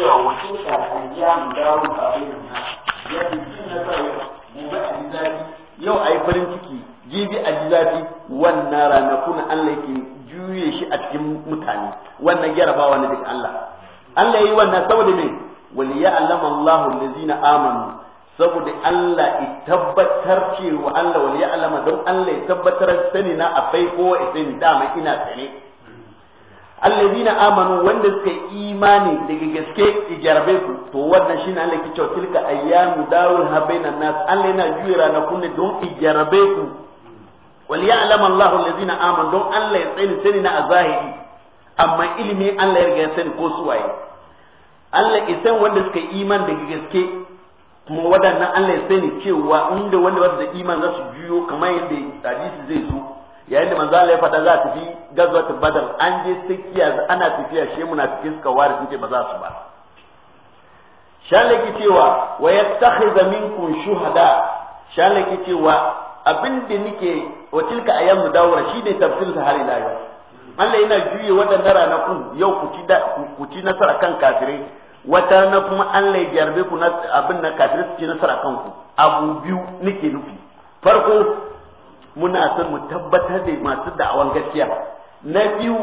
cewa wace ta ya mu dawo mu ba ya ya bincin na kawai gobe a ji yau a yi farin ciki jibi a ji zafi wannan ranakun Allah yake juye shi a cikin mutane wannan jarabawa ne daga Allah Allah yi wannan saboda me wali ya allama Allahu allazina amanu saboda Allah ya tabbatar cewa Allah wali ya allama don Allah ya tabbatar sani na akwai ko a sani dama ina sane allazina amanu wanda suka imani daga gaske ijarabe ku to wannan shine Allah ke cewa tilka ayyamu darul habaina nas Allah yana juya ranakun ne don ijarabe ku wal ya'lam Allahu allazina amanu don Allah ya tsani sani na azahiri amma ilimi Allah ya riga ya sani ko su waye Allah ya san wanda suka iman daga gaske kuma wadannan Allah ya sani cewa inda wanda wasu da iman za su juyo kamar yadda hadisi zai zo yayin da manzo Allah ya faɗa za a tafi gazwatul badal an je tsakiya ana tafiya shi munafiki suka ware sun ce ba za su ba shalaki cewa wa yattakhidha minkum shuhada shalaki cewa abin da nike wa tilka ayyamu dawra shi ne tafsir sa har ila yau Allah ina juye waɗannan ranakun yau ku ci ku ci nasara kan kafirai wata na kuma Allah ya jarbe ku abin na kafirai su ci nasara kan ku abu biyu nike nufi farko muna son mu tabbatar da masu da'awan gaskiya na biyu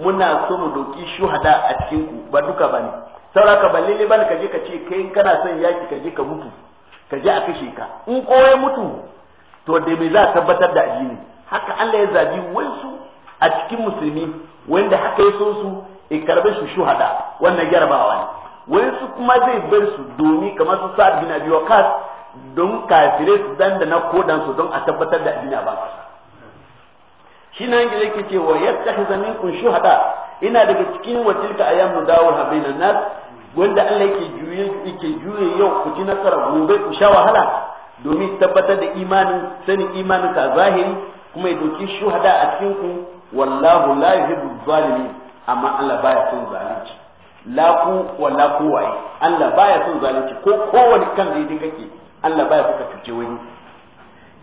muna son mu doki shuhada a cikin ku ba duka bane ka ba lalle bane ka je ka ce kai kana son yaki ka je ka mutu ka je a kashe ka in koye mutu to da me za a tabbatar da addini haka Allah ya zabi wansu a cikin musulmi wanda haka ya so su in karbe su shuhada wannan yarbawa ne wasu kuma zai bar su domin kamar su sa'ad bin abi waqas don kafirai su na kodan su don a tabbatar da addini a ba shi na yanki yake ce wa yadda ka zamin kun shuhada ina daga cikin watilka ayyamu dawul habaina nas wanda Allah yake juye yake juye yau ku ci nasara gobe ku sha wahala domin tabbatar da imanin sanin imanin ka zahiri kuma ya doki hada a cikin ku wallahu la yuhibbu zalimin amma Allah baya son zalunci la ku wala Allah baya son zalunci ko kowane kan da yake kake Allah baya kuka cuce wani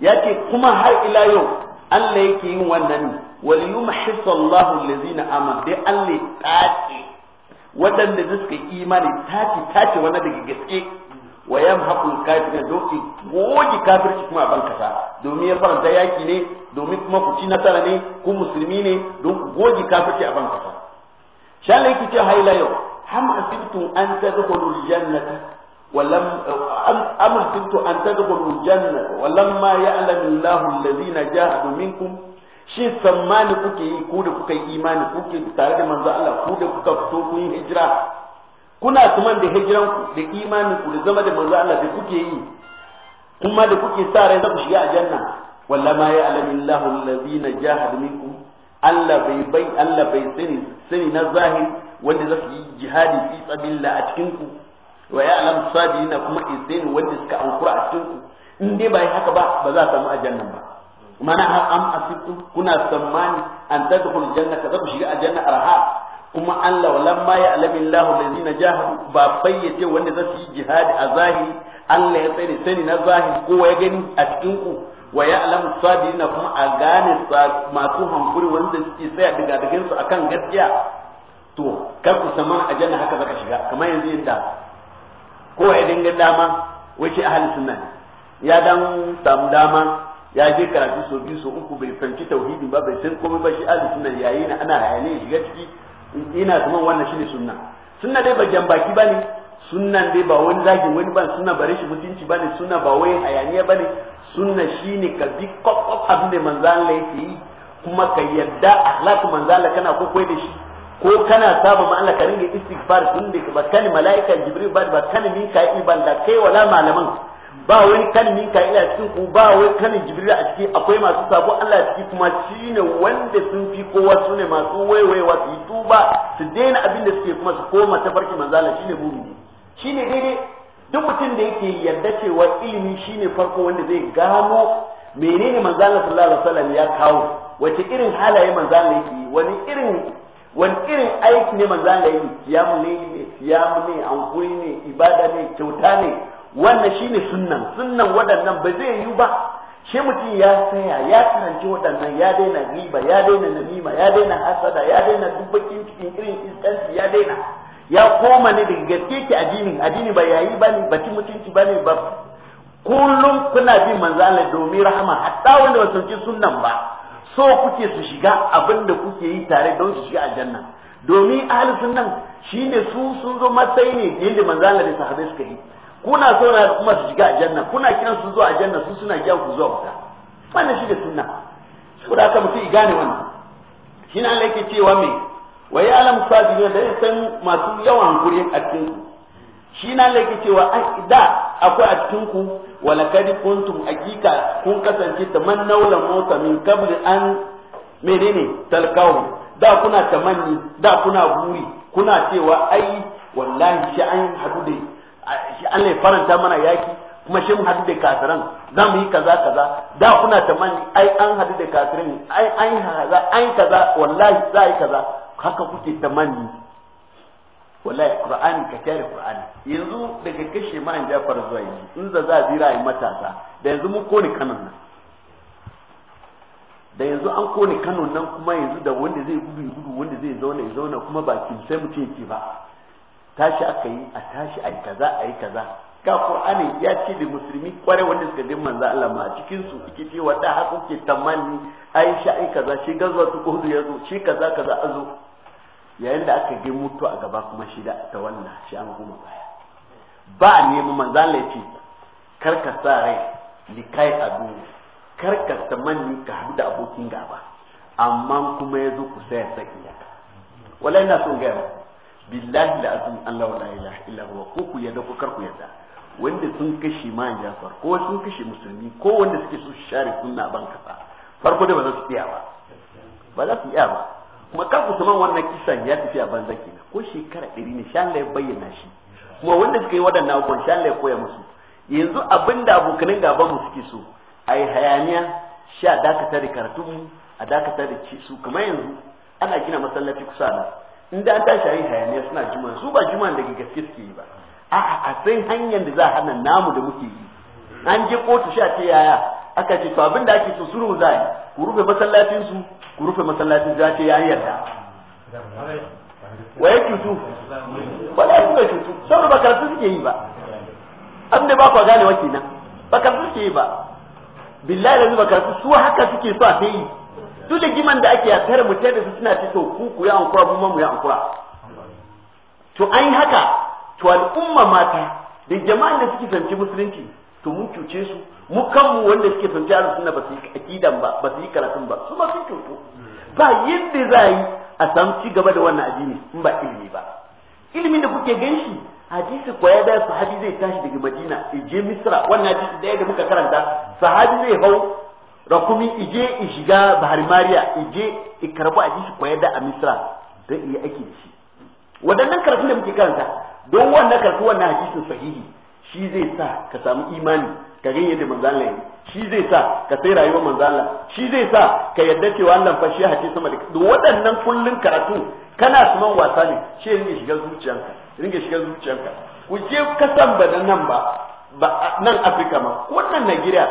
yake kuma har ila yau Allah yake yin wannan wal yumhisu Allahu allazina amanu dai Allah tace waɗanda da suka imani tace tace wani daga gaske wa yamhaqul da doki goji shi kuma ban kasa domin ya faranta yaki ne domin kuma ku ci nasara ne ku musulmi ne don goji kafirci a ban kasa shalai kice haila yau ham asibtum an tadkhulul jannata ولم أمن كنت أن تدخلوا الجنة ولما يعلم الله الذين جاهدوا منكم shin tsammani kuke yi ku da kuka yi imani kuke tare da manzo Allah ku da kuka fito kun yi hijira kuna tuman da hijiran ku da imani ku da zama da manzo Allah da kuke yi kuma da kuke sa rai za ku shiga aljanna walla ma ya alamin lahu allazina jahadu minkum Allah bai bai Allah bai sani sani na zahiri wanda za su yi jihadi fi sabilillah a cikin ku wa ya alam sabina kuma izini wanda suka ankura a cikin ku in dai bai haka ba ba za a samu aljanna ba mana har am asibtu kuna tsammani an tadkhul jannata za ku shiga aljanna arha kuma Allah walamma ya alamillahu allazina jahadu ba ce wanda za su yi jihadi a zahiri Allah ya tsare sani na zahiri kowa ya gani a cikin ku wa ya alamu kuma a gane masu hankuri wanda suke tsaya daga dagin akan gaskiya to kar ku sama a janna haka zaka shiga kamar yanzu yadda ko ya dinga dama wace ahli sunna ya dan samu dama ya je karatu so biyu so uku bai fahimci tauhidi ba bai san komai ba shi ahli sunna yayi na ana hayane shiga ciki ina kuma wannan shine sunna sunna dai ba jambaki bane sunnan dai ba wani zagin wani ba sunna bare shi mutunci bane sunna ba wai hayaniya bane sunna shine ka bi kwakwaf abin da manzo Allah yake yi kuma ka yadda akhlaq manzo Allah kana kokoi da shi ko kana saba ma Allah ka ringa istighfar tun da ba kan mala'ikan jibril ba ba kan mika'il ban da kai wala malaman ba wani kan mika'il a cikin ku ba wani kan jibril a ciki akwai masu sabo Allah a ciki kuma shine wanda sun fi kowa su ne masu waiwaiwa su tuba su daina abin da suke kuma su koma tafarki manzala shine mumini shine daidai duk mutum da yake yarda cewa ilimi shine farko wanda zai gano menene manzala sallallahu alaihi wasallam ya kawo wace irin halaye manzala yake wani irin wani irin aiki ne manzan da yi siyamu ne ne siyamu ne ne ibada ne kyauta ne wannan shine sunnan sunnan waɗannan ba zai yi ba shi mutum ya saya ya tunanci waɗannan ya daina riba ya daina namima ya daina hasada ya daina dubbakin cikin irin iskanci ya daina ya koma ne daga gaske ki addinin addini ba yayi ba ne ba mutunci ba ne ba kullum kuna bin manzo Allah domin rahama hatta wanda ba sunnan ba so kuke su shiga abin da kuke yi tare don su shiga aljanna domin ahli sunnan shine su sun zo matsayi ne yadda manzo Allah da sahabbai suka yi kuna so na kuma su shiga aljanna kuna kiran su zuwa aljanna su suna kiran ku zuwa wuta wannan shi da sunna saboda haka mutum gane wannan shine Allah yake cewa me wa ya'lam sabirin da san masu yawan gurin a cikin shi na lake cewa da akwai a cikin ku wala kadi kuntum hakika kun kasance tamannaw da mota min kabli an menene talqaw da kuna tamanni da kuna buri kuna cewa ai wallahi shi an hadu da shi Allah ya faranta mana yaki kuma shi mun hadu da kasaran za mu yi kaza kaza da kuna tamanni ai an hadu da kasaran ai an kaza ai kaza wallahi za yi kaza haka kuke tamanni wallahi qur'ani ka tare qur'ani yanzu daga kashe man jafar zuwa yanzu in za za zira yi matasa da yanzu mun kone kanon nan da yanzu an kone kanon nan kuma yanzu da wanda zai gudu gudu wanda zai zauna ya zauna kuma ba kin sai mu ce ki ba tashi aka yi a tashi ai kaza ai kaza ga qur'ani ya ce da musulmi kware wanda suka din manzo Allah ma cikin su yake cewa da haka tamanni aisha ayi kaza shi gazuwa su ko zo shi kaza kaza azu yayin da aka ga mutu a gaba kuma shi da ta wannan shi an kuma baya ba a nemi manzan laifi kar ka sa rai likai a duniya kar ka tamanni ka haɗu da abokin gaba amma kuma ya zo ku saya saki yaka wallahi na son gaya billahi la azum Allah la ilaha illa huwa ko ku yadda ko kar ku yadda wanda sun kashe man jafar ko sun kashe musulmi ko wanda suke su share sunna ban kasa farko da ba za su iya ba ba za su iya ba kuma saman Usman wannan kisan ya tafi a banza kenan ko shekara ɗari ne shan ya bayyana shi kuma wanda suka yi waɗannan abubuwan shan ya koya musu yanzu abin da abokanin gaban mu suke so a yi hayaniya a dakatar da karatun a dakatar da ci su kamar yanzu ana gina masallaci kusa da inda an tashi a yi hayaniya suna juma su ba juma daga gaske suke yi ba a'a a san hanyar da za a hana namu da muke yi an je kotu sha ce yaya aka ce to abin da ake so sulhu za ku rufe masallacin su ku rufe masallacin za ce yayi yarda waye cutu ba da kuka cutu saboda ba karatu suke yi ba abin da ba ku gane wa kenan ba karatu suke yi ba billahi da ba karatu su haka suke so a sai duk da giman da ake a tare mutai da su suna ce ku ku ya ankura mu mu ya ankura to an yi haka to al'umma mata da jama'an da suke sanci musulunci to mun cuce su mu kanmu wanda suke son ahlus sunna ba su akidan ba ba su yi karatun ba su ma sun cuto ba yadda za yi a samu ci gaba da wannan addini in ba ilimi ba ilimin da kuke ganshi hadisi kwaya da sahabi zai tashi daga Madina ije Misra wannan hadisi daya da muka karanta sahabi zai hau rakumi ije shiga Bahar Mariya ije ikarbu hadisi kwaya da a Misra dan iya ake da shi wadannan karatu da muke karanta don wannan karatu wannan hadisin sahihi shi zai sa ka samu imani ka gani da manzo Allah shi zai sa ka sai rayuwa manzo shi zai sa ka yadda cewa Allah fa shi hace sama da waɗannan kullun karatu kana suman wasa ne shi ne shiga zuciyanka ringe shiga zuciyanka ku je kasan ba nan ba ba nan Afirka ma wannan Najeriya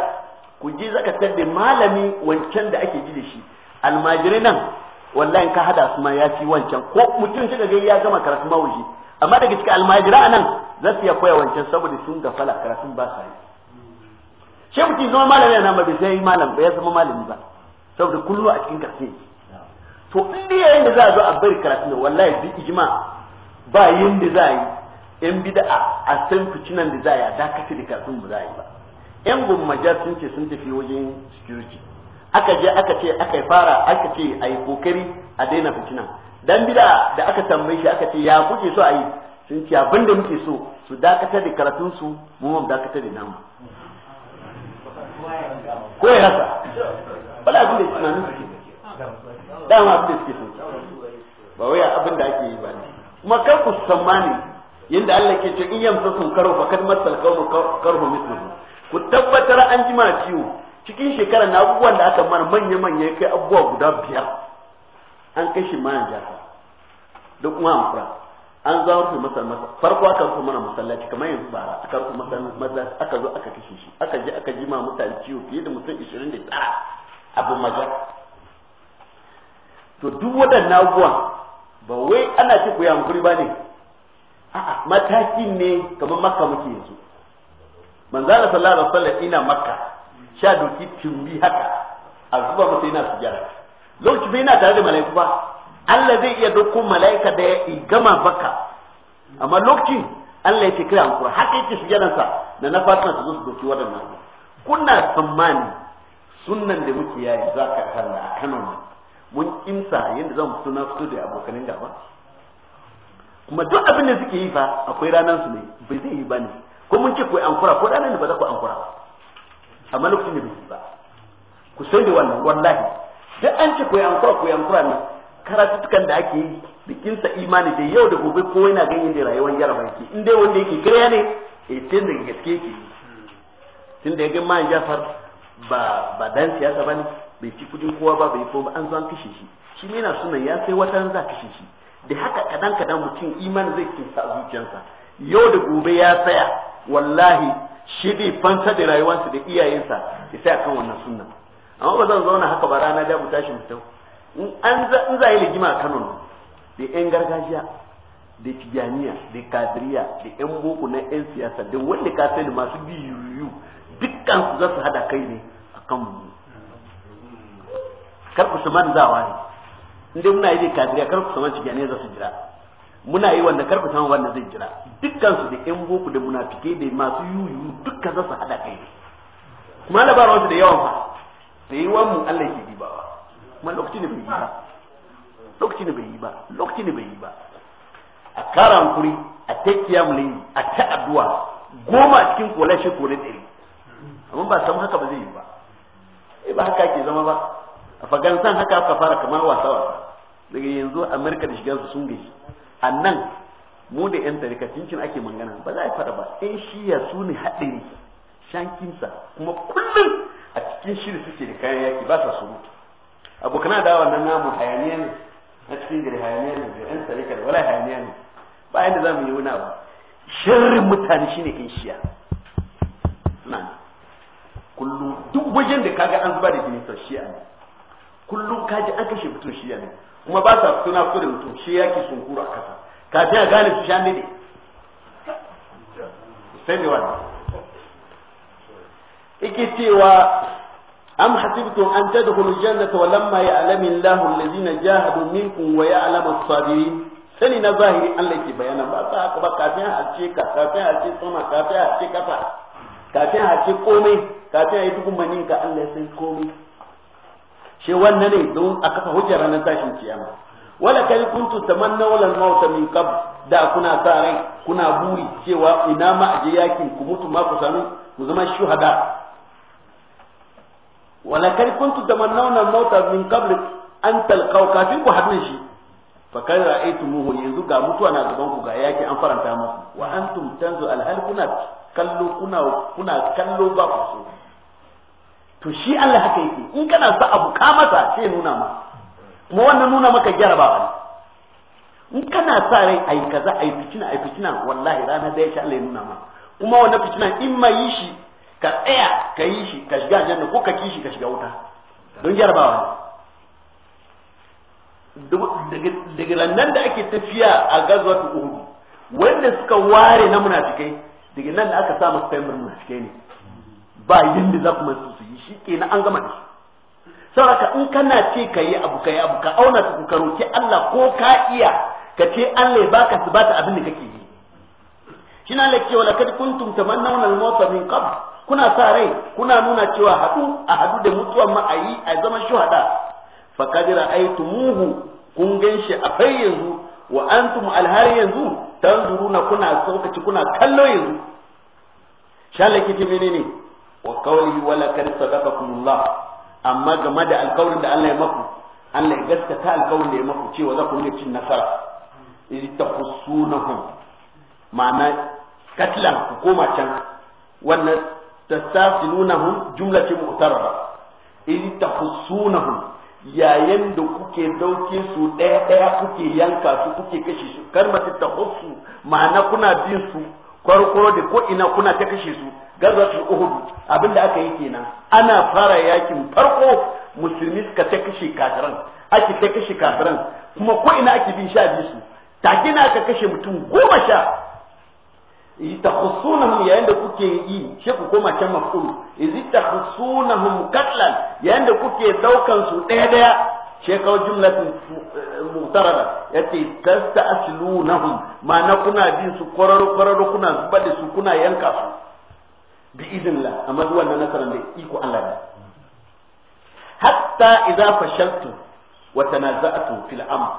ku je zaka tadde malami wancan da ake ji da shi almajirai nan wallahi ka hada su ma ya ci wancan ko mutum shi ga ya gama karatu ma waje amma daga cikin almajira a nan za su iya koya wancan saboda sun gafala karatun ba sa yi shi mutum zama malami a nan ba bai sai malam ba ya zama malami ba saboda kullu a cikin karfe to in dai yayin da za a zo a bari karatun wallahi bi ijma ba yin da za a yi yan bid'a a san fitinan da za a yi a dakatar da karatun ba za a yi ba yan gummajar sun ce sun tafi wajen security aka je aka ce aka fara aka ce a yi kokari a daina fitinan dan bida da aka tambaye shi aka ce ya kuke so a yi sun ce abin da muke so su dakatar da karatun su mu mu dakatar da namu ko ya rasa bala abin da tunanin suke dama abin da suke so ba wai abin da ake yi ba ne kuma kar ku tsammani yadda Allah ke ce in yamsa sun karo fa kad masal qawmu karhu mithluhu ku tabbatar an jima ciwo cikin shekarar na abubuwan da aka mana manya manya kai abubuwa guda biyar an kashi mayan ma jafa duk kuma amfura an za su masar masa farko aka rufe mana masallaci kamar yanzu bara aka rufe masallaci aka zo aka kashe shi aka je aka ji ma mutane ciwo fiye da mutum 29 abin maza to duk waɗannan abubuwan ba wai ana ce ku yi hankuri ba ne a'a matakin ne kamar makka muke yanzu manzala sallallahu alaihi wasallam ina makka sha doki tumbi haka a zuba masa yana sujjara lokaci bai na tare da mala'iku ba Allah zai iya dauko mala'ika da ya gama baka amma lokaci Allah ya ce kira an kura haka yake shigenansa da na fatan su zo su doki waɗannan kuna tsammani sunnan da muke yayi za ka kalla a Kano ne mun imsa yadda zan fito na fito da abokanin gaba kuma duk abin da suke yi fa akwai ranar su ne bai zai yi ba ne ko mun ce ku an kura ko ranar ne ba za ku an kura ba amma lokacin da bai yi ba ku san da wannan wallahi duk an ce koyankura kuyankura nan karatutukan da ake yi bikinsa imani da yau da gobe ko yana ganye da rayuwar jarabar ke in dai wanda yake kariya ne e eh, tun da gaske ke tun da ya ga man jafar ba ba dan siyasa bane bai ci kudin kowa ba bai ba an zan an kashe shi shi ne yana sunan ya sai wata za kashe shi da haka kadan kadan mutum imani zai cin sa zuciyarsa yau da gobe ya tsaya wallahi shi bai fansa da rayuwarsa da iyayensa ya tsaya kan wannan sunan. amma ba zan zauna haka ba rana da mu tashi mu tau in za yi ligima a Kano da yan gargajiya da tijaniya da kadiriya da yan boko na yan siyasa da wanda ka sani masu biyu dukkan su za su hada kai ne akan mu kar ku su manzawa ne inda muna yi da kadiriya kar ku su man tijaniya za su jira muna yi wanda kar ku san wanda zai jira dukkan su da yan boko da munafike da masu yuyu dukkan za su hada kai ne kuma labarin da yawan fa da yi wa mu Allah yake dibawa kuma lokaci ne bai yi ba lokaci ne bai yi ba lokaci ne bai yi ba a kara hankuri a ta mu layi a ta addu'a goma cikin kola shi kore ɗari amma ba san haka ba zai yi ba eh ba haka ke zama ba a san haka aka fara kamar wasa wasa daga yanzu amerika da shigar su sun gaji a nan mu da yan tarika cincin ake magana ba za a fara ba in shi ya su ne haɗari shankinsa kuma kullum a cikin shiri suke da kayan yaki ba sa surutu abokan da wannan namu hayaniya ne na cikin gari hayaniya ne da yan tsarika da wala hayaniya ne ba yadda za mu yi wuna ba. sharrin mutane shine ne shiya suna kullum duk wajen da kaga an zuba da jini to shi ne kullum kaji an kashe mutum shi ne kuma ba sa suna na fito da mutum shi yaki sun kura a kasa kafin a gane su sha ne ne sai ne wannan yake cewa am hasibtum an tadkhulu jannata wa lamma ya'lamu Allahu alladhina jahadu minkum wa ya'lamu as-sabirin sani na zahiri Allah yake bayanan ba ta haka ba kafin a ce ka kafin a ce sama kafin a ce kafa kafin a ce komai kafin a yi tukun manin ka Allah ya san komai shi wannan ne don a kafa hujjar ranar tashin kiyama wala kai kuntu tamanna wala mauta min qabl da kuna sa rai kuna buri cewa ina ma aje yakin ku mutu ma ku sanu ku zama shuhada walakar kuntu tamannawna mauta min qabl an talqaw kafin ku haɗu shi fa kan ra'aytumuhu yanzu ga mutuwa na gaban ku ga yaki an faranta muku wa antum tanzu alhal kuna kallo kuna kuna kallo ba ku so to shi Allah haka yake in kana sa abu ka masa sai nuna ma kuma wannan nuna maka jarabawa ba in kana sa rai ai kaza ai fitina ai fitina wallahi rana da ya sha Allah ya nuna ma kuma wannan fitina in mai yi shi ka tsaya ka yi shi ka shiga aljanna ko ka kishi ka shiga wuta don jarabawa daga nan da ake tafiya a ta uhud wanda suka ware na munafikai daga nan da aka sa masu fahimtar munafikai ne ba yadda za ku masu su yi shi kenan an gama da shi sauraka in kana ce ka yi abu ka yi abu ka auna su ka roki Allah ko ka iya ka ce Allah ya baka su bata abin da kake yi shi na lakke wala kad kuntum tamannawna al-mawt min qabl kuna sa rai kuna nuna cewa haɗu a haɗu da mutuwan ma a yi a zama shuhada fa kadira aitumuhu kun ganshi a fai yanzu wa antum alhari yanzu tanzuruna kuna saukaci kuna kallo yanzu shalla kike menene wa qawli wala kad sadaqakumullah amma game da alkawarin da Allah ya maku Allah ya gaskata alkawarin da ya maku cewa za ku rinka cin nasara idan takusunahum ma'ana katlan ku koma can wannan tattasilunahum jumlatin mu'taraba in tahussunahum yayin da kuke dauke su ɗaya ɗaya kuke yanka su kuke kashe su kalmar tahussu ma'ana kuna bin su kwarkwaro da ko ina kuna ta kashe su gazatul uhud abinda aka yi kenan ana fara yakin farko musulmi suka ta kashe kafiran ake ta kashe kafiran kuma ko ina ake bin sha bisu su take na kashe mutum goma sha yatakhusunahum yayin da kuke yi shi ku koma can maful takhusunahum katlan yayin da kuke daukan su daya daya she kawo jumlatin eh, mutarada yace tastaslunahum ma'ana kuna bin su kororo kwararo kuna bade su kuna yanka su bi idinla amma duwan wannan nasara da iko Allah ne hatta idza fashaltu wa tanaza'tu fil amr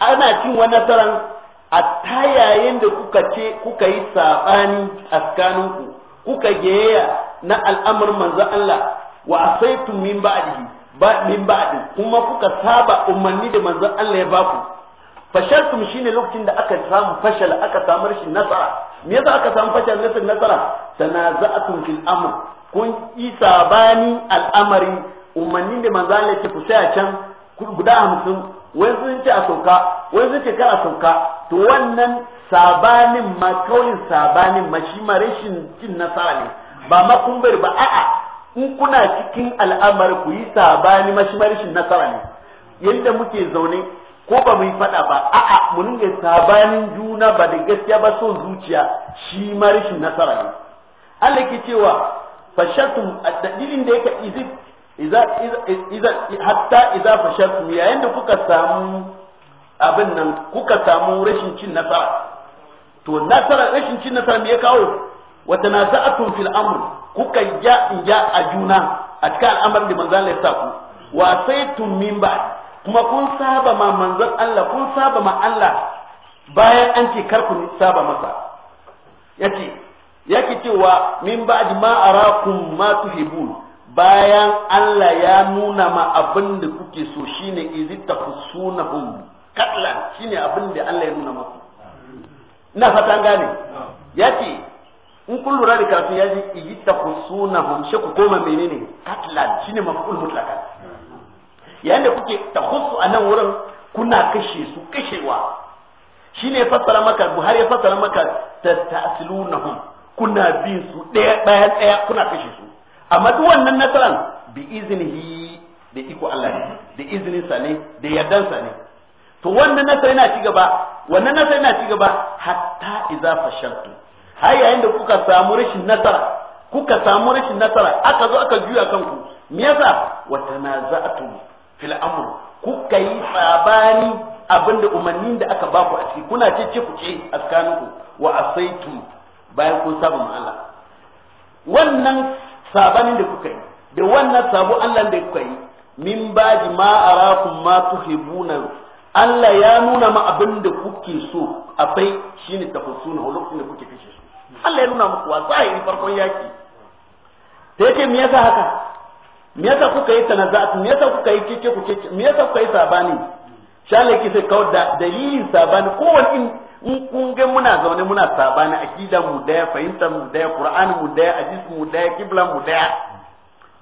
ana cin wani nasaran hatta yayin da kuka ce kuka yi sabani askaninku kuka geya na al'amarin manzo Allah wa asaitu min ba'dihi ba min ba'di kuma kuka saba umarni da manzo Allah ya baku fashaltum shine lokacin da aka samu fashal aka samu rashin nasara me yasa aka samu fashal rashin nasara tanaza'atum fil amr kun yi sabani al'amari umarni da manzo Allah ya ce ku sai a can guda hamsin wai sun ce a sauka wai sun ce kar a sauka to wannan sabanin ma kaulin sabanin ma shi ma rashin cin nasara ne ba ma kun bari ba a'a in kuna cikin al'amari ku yi sabani ma shi ma rashin nasara ne yadda muke zaune ko ba mu yi fada ba a'a mu dinga sabanin juna ba da gaskiya ba son zuciya shi ma rashin nasara ne Allah ke cewa fashatum dalilin da yake izi hatta idza fashaltum yayin da kuka samu abin nan kuka samu rashin cin nasara to nasara rashin cin nasara me ya kawo wata tanaza'atum fil amr kuka ja ja a juna a cikin al'amarin da manzon Allah ya sa ku wa saytum min ba kuma kun saba ma manzon Allah kun saba ma Allah bayan an ce kar ku saba masa yace yake cewa min ba'd ma arakum ma tuhibun bayan Allah ya nuna ma abin da kuke so shine izita hum katlan shine abin da Allah ya nuna maku ina fata gane ce in kun lura da karatu ya ji izita hum shi ku koma menene katlan shine maful mutlaka yayin da kuke tahussu a nan wurin kuna kashe su kashewa shine ya fassara maka Buhari ya fassara maka tasilunahum kuna bin su daya bayan daya kuna kashe su amma duk wannan nasaran bi iznihi da iko Allah ne da iznin sa ne da yardan sa ne to wannan nasara yana ci gaba wannan nasara yana ci gaba hatta idza fashaltu har yayin da kuka samu rashin nasara kuka samu rashin nasara aka zo aka juya kanku me yasa wa tanaza'tu fil amr kuka yi sabani abinda umarnin da aka baku a ciki kuna ce ce ku ce askaninku wa asaitu bayan kun saba Allah wannan sabanin da kuka yi da wannan sabo Allah da kuka yi min ji ma arakum ma tuhibuna Allah ya nuna ma abin da kuke so ne shine suna lokacin da kuke kashe su Allah ya nuna muku wa yi farkon yaki ta yake me yasa haka me yasa kuka yi tanaza'at me yasa kuka yi kike kuke me yasa kuka yi sabani shalaki sai kawai dalilin sabani kowanne in kun ga muna zaune muna sabani akida mu daya fahimta mu daya qur'ani mu daya hadis mu daya kibla mu daya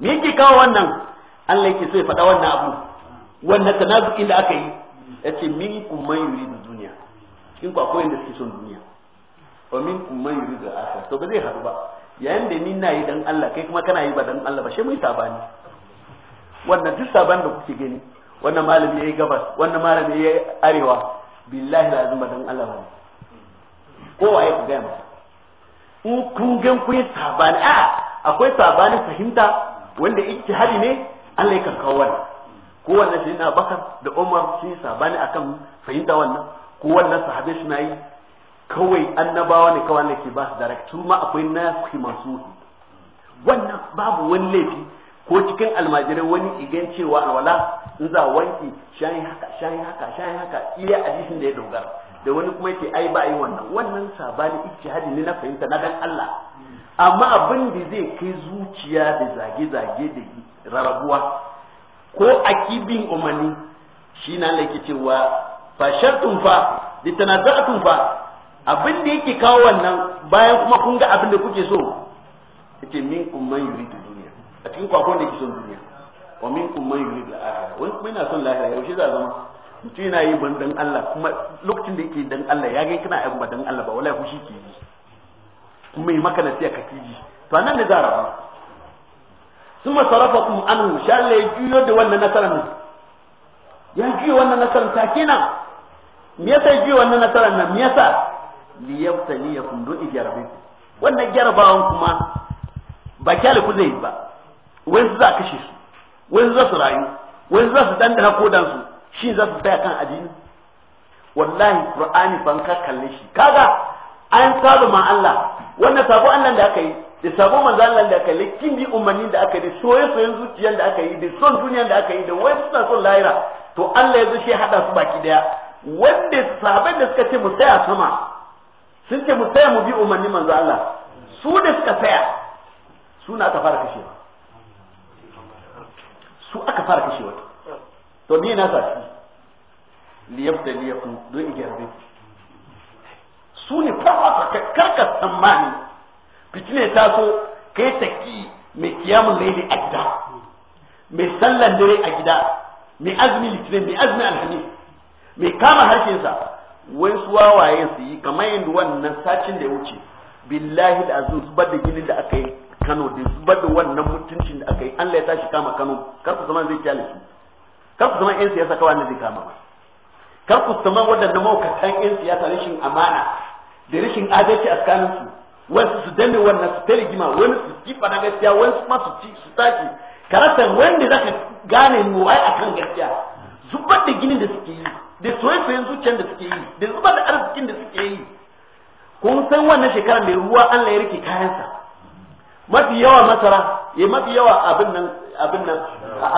me yake kawo wannan Allah yake so ya faɗa wannan abu wannan tanazuki da aka yi yace min kun man yuridu duniya kin ku akwai inda suke son duniya wa min kun man yuridu akhirah to ba zai haɗu ba yayin da ni na yi dan Allah kai kuma kana yi ba dan Allah ba shi mai sabani wannan duk saban da kuke gani wannan malami yayi gabas wannan malami yayi arewa billahi la azuma dan Allah bane ko ya kuga masa ku kun gan yi sabani a akwai sabanin fahimta wanda ijtihadi ne Allah ya kawo wannan ko wannan shi na Bakar da Umar sun sabani akan fahimta wannan ko wannan sahabe shi nayi kawai annabawa ne kawai ne ke ba su direct ma akwai nasu masu wannan babu wani laifi ko cikin almajirai wani igan cewa wala in za wanki shayin haka shayin haka shayin haka iya hadisin da ya dogara da wani kuma yake ai ba ai wannan wannan sabani ijtihadi ne na fahimta na dan Allah amma abin da zai kai zuciya da zage-zage da rarrabuwa ko akibin umani shi na lake cewa fashartun fa da tanaza'atun fa abin da yake kawo wannan bayan kuma kun ga abin da kuke so yace min kun man yuridu a cikin kwakwan da yake son duniya wa min kun man yi da akhirah wani kuma yana son lahira yaushe za a zama mutum yana yi ban dan Allah kuma lokacin da yake dan Allah ya ga kana abu ba dan Allah ba wallahi fushi ke yi kuma yi maka nasiya ka kiji to anan ne zara ba kuma sarafa kuma an sha Allah ya juyo da wannan nasaran ya juyo wannan nasaran ta kenan me yasa ya juyo wannan nasaran nan me yasa liyabtaliyakum do ijarabi wannan jarabawan kuma ba kyale ku zai ba wai za a kashe su wai su za su rayu wai su za su dandana kodan su shi za su tsaya kan addini wallahi qur'ani ban ka kalle shi kaga an saba ma Allah wannan sabo Allah da aka yi da sabo manzo Allah da aka yi kin bi ummani da aka yi soye soyen zuciyar da aka yi da son duniyar da aka yi da wai suna son lahira to Allah ya zo shi hada su baki daya wanda sahabbai da suka ce mu tsaya sama sun ce mu tsaya mu bi umarnin manzo Allah su da suka tsaya suna aka fara kashewa su aka fara kashe wata to ni na sa su liyabta liyakum don in gyara su ne farko ka karka tsammani fitine ta so kai taki mai kiyamun laili a gida mai sallan dare a gida mai azumi litinin mai azumi alhamis mai kama harshensa wai su wawaye su yi kamar yadda wannan sacin da ya wuce billahi da Azu, su zubar da ginin da aka yi Kano da zubar da wannan mutuncin da aka yi Allah ya tashi kama Kano kar ku zama zai kyale su kar ku zama yan siyasa kawai ne zai kama kar ku zama waɗannan maukatan yan siyasa rashin amana da rashin adalci a tsakanin su wasu su danne wannan su tarigima wani su kifa na gaskiya wani su ma su ci su tashi karasa wanda za ka gane mu wai akan gaskiya zubar da ginin da suke yi da soyayyen zuciyar da suke yi da zubar da arzikin da suke yi kun san wannan shekarar da ruwa Allah ya rike kayansa mafi yawa masara ya mafi yawa abin nan abin nan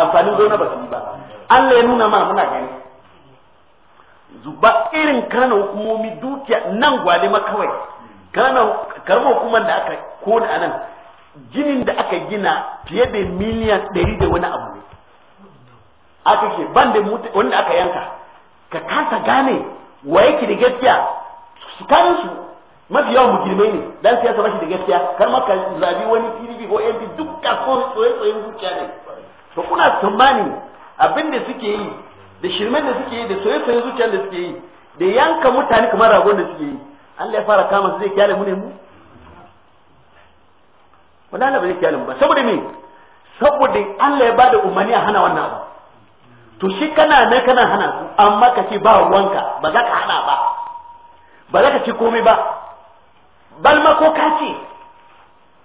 amfanin gona ba su yi ba Allah ya nuna ma muna gani zuba irin kana hukumomi dukiya nan gwale ma kawai kana karamar hukumar da aka kona a nan ginin da aka gina fiye da miliyan ɗari da wani abu ne aka ce ban da wanda aka yanka ka kasa gane wa yake da gaskiya su mafi yawan mujirmai ne dan siyasa bashi da gaskiya kar ma ka zabi wani PDP ko MP duk ka so tsoye tsoyen zuciya ne to kuna tsammani abin da suke yi da shirmen da suke yi da soye soyen zuciya da suke yi da yanka mutane kamar ragon da suke yi Allah ya fara kama su zai kyale mu ne mu wallahi ba zai kyale mu ba saboda me saboda Allah ya bada umarni a hana wannan abu to shi kana ne kana hana su amma ka ce ba ruwanka ba za ka hana ba ba za ka ci komai ba bal ma ko ka ce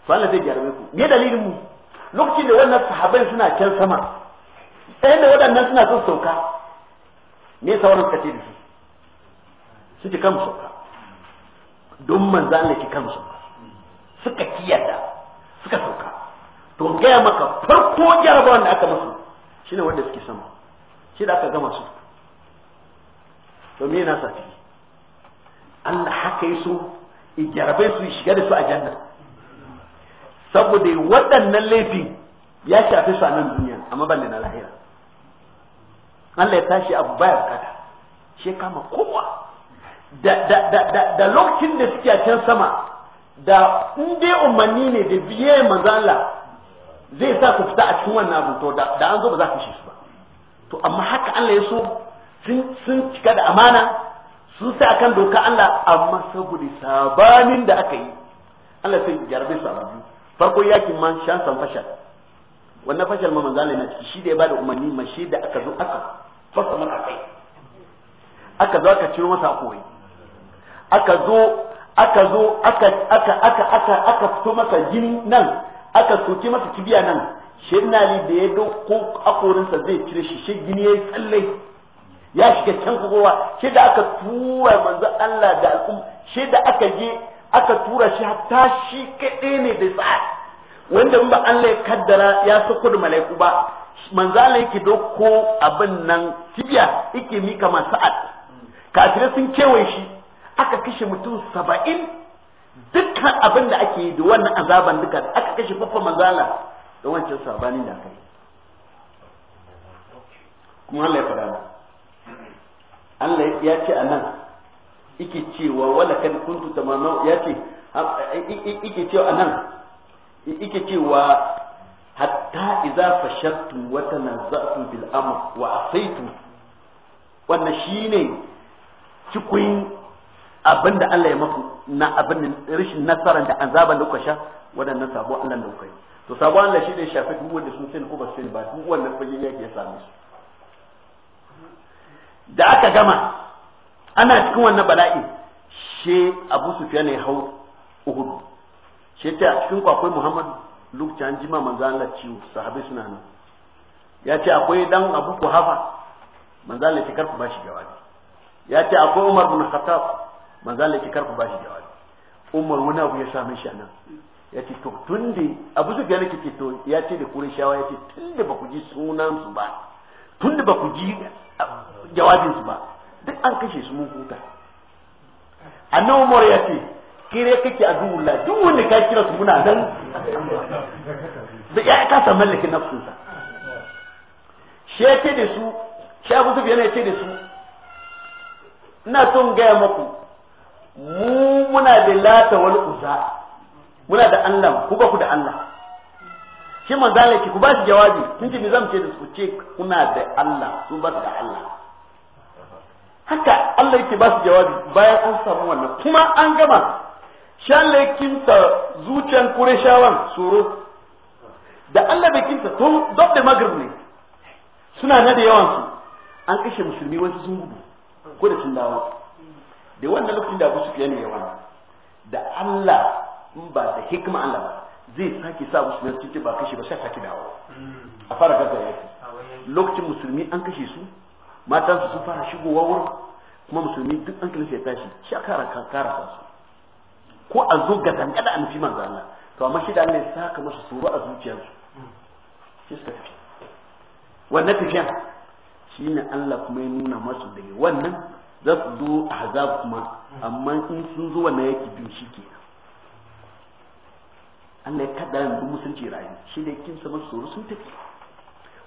to Allah zai jarabe ku me dalilin mu lokacin da wannan sahabbai suna can sama Sai da waɗannan suna son sauka me sauran suka ce da su suke kan sauka don manzo Allah ki kan sauka suka kiyata suka sauka to gaya maka farko jarabawan wanda aka musu shine wanda suke sama shi da aka gama su to me yana sa Allah haka yi so jarabe su shiga da su a janna saboda waɗannan laifin ya shafi su a nan duniya a ban na lahira Allah ya tashi abu baya bukata she kama kowa da da da da, da lokacin da suke a can sama da inda umarni ne da biye manzo Allah zai sa su fita a cikin wannan abu to da an zo ba za ku shi su ba to amma haka Allah ya so sun cika da amana sun sai akan doka Allah amma saboda sabanin da aka yi Allah sai jarabe su abu farko yakin man shan san fashal wannan fashal ma manzo Allah na ciki shi da ya bada umarni mashi da aka zo aka fasa masa kai aka zo aka ciro masa koyi aka zo aka zo aka aka aka aka aka fito masa jini nan aka soke masa kibiya nan shi da ya dauko akorinsa zai cire shi shi gini ya tsalle ya shiga can kowa shi da aka tura manzo Allah da al'umma shi da aka je aka tura shi hatta shi kaɗai ne da sa wanda in ba Allah ya kaddara ya sako da mala'iku ba manzo Allah yake doko abin nan tibiya yake mika ma sa'ad kafirai sun kewaye shi aka kashe mutum saba'in dukkan abin da ake yi da wannan azaban duka aka kashe fafa manzala da wancan sabanin da aka yi kuma Allah ya faɗa Allah ya ce a nan ike cewa wala kan kuntu tamanu ya ce ike cewa a nan ike cewa hatta idza fashartum wa tanaza'tum bil amr wa asaitu. wannan shine cikin abin da Allah ya maku na abin rashin nasara da azaban da kuka sha waɗannan sabo Allah da kuka yi to sabo Allah shi ne shafi duk wanda sun sai ko ba su sani ba duk wanda fage yake ya same su da aka gama ana cikin wannan bala'i she abu sufiya ne hau uhudu she ta cikin kwakwai muhammad lokacin jima manzo Allah ciwo sahabai suna nan ya ce akwai dan abu kuhafa manzo Allah ya kar ku bashi jawabi ya ce akwai umar bin khattab manzo Allah ya kar ku bashi jawabi umar wani abu ya same shi nan ya ce to tunde abu sufiya ne kike to ya ce da shawa ya ce tun ba ku ji sunan su ba tunda ba ku ji jawabinsu ba duk an kashe su mun huta annabi umar ya ce kire kake la duk wanda ka kira su muna nan da ya ka san mallakin nafsinsa shi ya da su shi abu zubi yana ce da su ina son gaya maku mu muna da lata wal uza muna da allah ku ba ku da allah shi manzo Allah ku ba shi jawabi kun ji nizam ce da su ce kuna da Allah su ba da Allah haka Allah yake ba su jawabi bayan an samu wannan kuma an gama shi Allah ya kinta zuciyan kureshawan tsoro da Allah bai kinta to dab da magrib ne suna na da yawan su an kashe musulmi wasu sun gudu ko da sun dawo da wannan lokacin da Abu Sufyan ya yawan da Allah in ba da hikima Allah ba zai sake sa musulmi cikin ba kashe ba sai sake dawo mm. a fara gaza yaki lokacin musulmi an kashe su matan su sun fara shigowa wurin kuma musulmi duk an kilisa ya tashi shi a kara kara su ko a zo ga dangada a nufi manzo Allah to amma shi da Allah ya saka masa tsoro a su mm. shi suka tafi wannan tafiyan ne Allah kuma ya nuna masu da wannan za su zo a hazab kuma mm. amma in sun zo wannan yaki biyu shi kenan Allah ya kaddara duk musulunci rayu shi ne kin sama tsoro sun tafi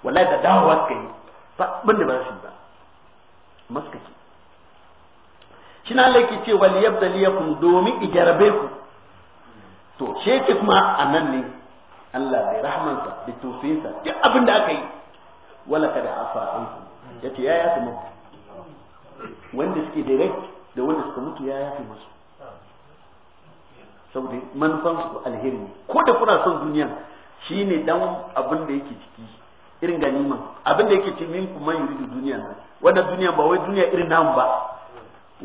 wallahi da dawowa suka yi ba abin da ba su ba maskaci shi na Allah yake ce wal yabdaliyakum domin ijarabe ku to shi yake kuma anan ne Allah bai rahmansa da tofinsa duk abin da aka yi wala kada afa anku yace ya yafi muku wanda suke direct da wanda suka mutu ya yafi musu saboda manufan su alheri ko da kuna son duniya shine dan abin da yake ciki irin ganima abin da yake cikin kuma man da duniya nan wannan duniya ba wai duniya irin namu ba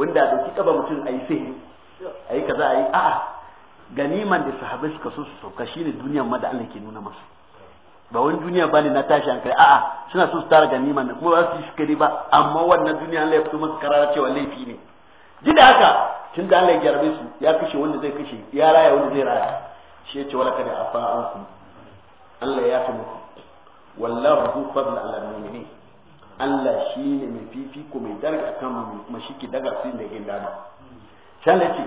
wanda a dauki kaba mutum ayi sai ayi kaza ayi a'a ganiman da sahabbai suka so su sauka shine duniya ma da Allah ke nuna masa ba wani duniya bane na tashi an kai a'a suna so su tara ganiman kuma ba su shi shikari ba amma wannan duniya Allah ya fito masa karara cewa laifi ne ji da haka tun da Allah ya jarabe su ya kashe wanda zai kashe ya raya wanda zai raya shi ya ce wala kada afa ankum Allah ya fi muku wallahu hu fadl ala mu'minin Allah shi ne mai fifiko mai daraja kan mu kuma shi ke daga cikin da gindan ba shan ne ce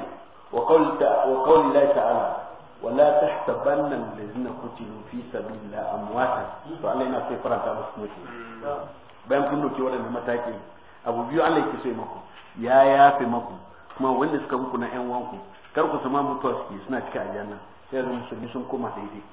wa qawli wa qawli la ta'ala wa la tahtabanna allazina qutilu fi sabilillah amwata to Allah yana sai faranta musu ne bayan kun doke wannan mataki abu biyu Allah yake so maku ya yafe maku kuma wanda suka muku na yan wanku kar ku sama mutuwa su suna cika a aljanna sai zama su sun koma daidai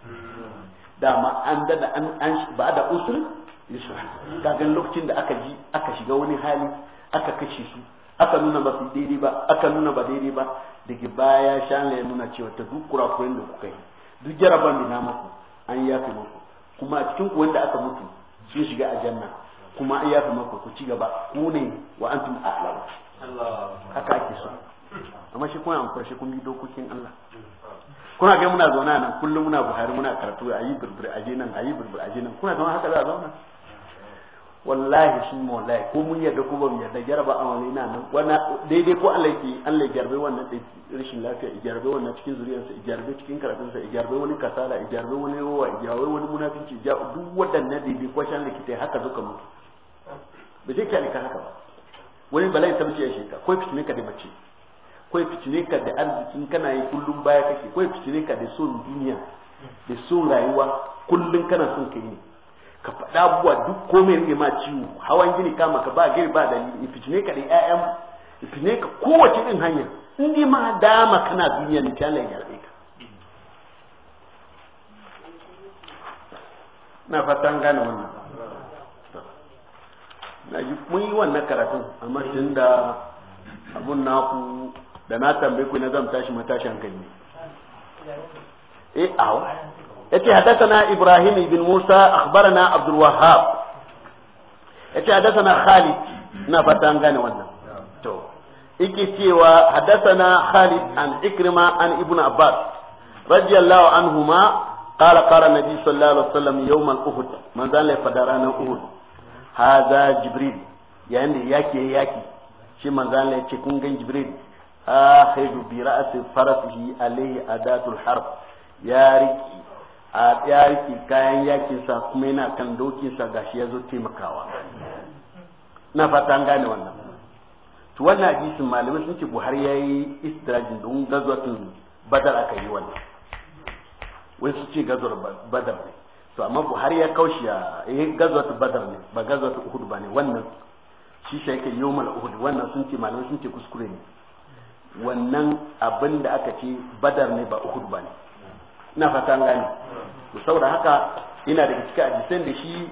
dama an dada an ba da usul yusra kagan lokacin da aka ji aka shiga wani hali aka kashe su aka nuna ba su daidai ba aka nuna ba daidai ba daga baya shanla ya nuna cewa ta duk kurakuren da kuka yi duk jaraban da na maku an yafe maku kuma a cikin wanda aka mutu sun shiga aljanna kuma an yafe maku ku ci gaba ku ne wa antum a'lamu haka ake so amma shi kuma amfar shi kun bi dokokin Allah kuna ga muna zauna nan kullum muna buhari muna karatu ayi burbur aje nan ayi burbur aje nan kuna zama haka za a zauna wallahi shi wallahi ko mun yadda ko ba mu yadda, jaraba amali na nan wannan daidai ko Allah yake Allah jarbe wannan dai rashin lafiya ya jarbe wannan cikin zuriyarsa ya jarbe cikin karatunsa ya jarbe wani kasala ya jarbe wani yawa ya jarbe wani munafinci duk waɗannan daidai ko shan likita haka zuka mutu ba zai ne ka haka ba wani bala'i talauci ya sheka ko fitine ka da mace ko fitine ka da arzikin kana yi kullum baya kake ko fitine ka da son duniya da son rayuwa kullum kana son ka yi ka faɗa abubuwa duk komai ne ma ciwo hawan gini kama ka ba gari ba dalili fitine ka da ƴaƴan fitine ka kowace irin hanya in dai ma dama kana duniya ne ta Allah ya ka na fatan gane wannan na ji mun yi wannan karatun amma tun da abun naku da na tambaye ku na zan tashi matashi hankali ne eh aw yace hadathana ibrahim ibn musa akhbarana abdul wahhab yace hadathana khalid na fata an gane wannan to yake cewa hadathana khalid an ikrima an ibnu abbas radiyallahu anhuma قال قال النبي صلى الله عليه وسلم يوم الأهد من ذا لفدرانا أهد haza jibril yayin da yake yaki shi manzo Allah ya kun gan jibril akhidu bi ra'si farasihi alayhi adatul harb ya riki a ya riki kayan yakin sa kuma yana kan dokin sa gashi yazo taimakawa na fatan gane wannan to wannan hadisin malamai sun ce Buhari yayi istirajin don gazwatin badar aka yi wannan wai su ce gazwar badar ne to amma buhari ya kaushe a eh gazwatu badar ne ba gazwatu uhud ba ne wannan shi shi yake yawmal uhud wannan sun ce malamai sun ce kuskure ne wannan abin da aka ce badar ne ba uhud ba ne ina fata an gane to saboda haka ina da daga a jisan da shi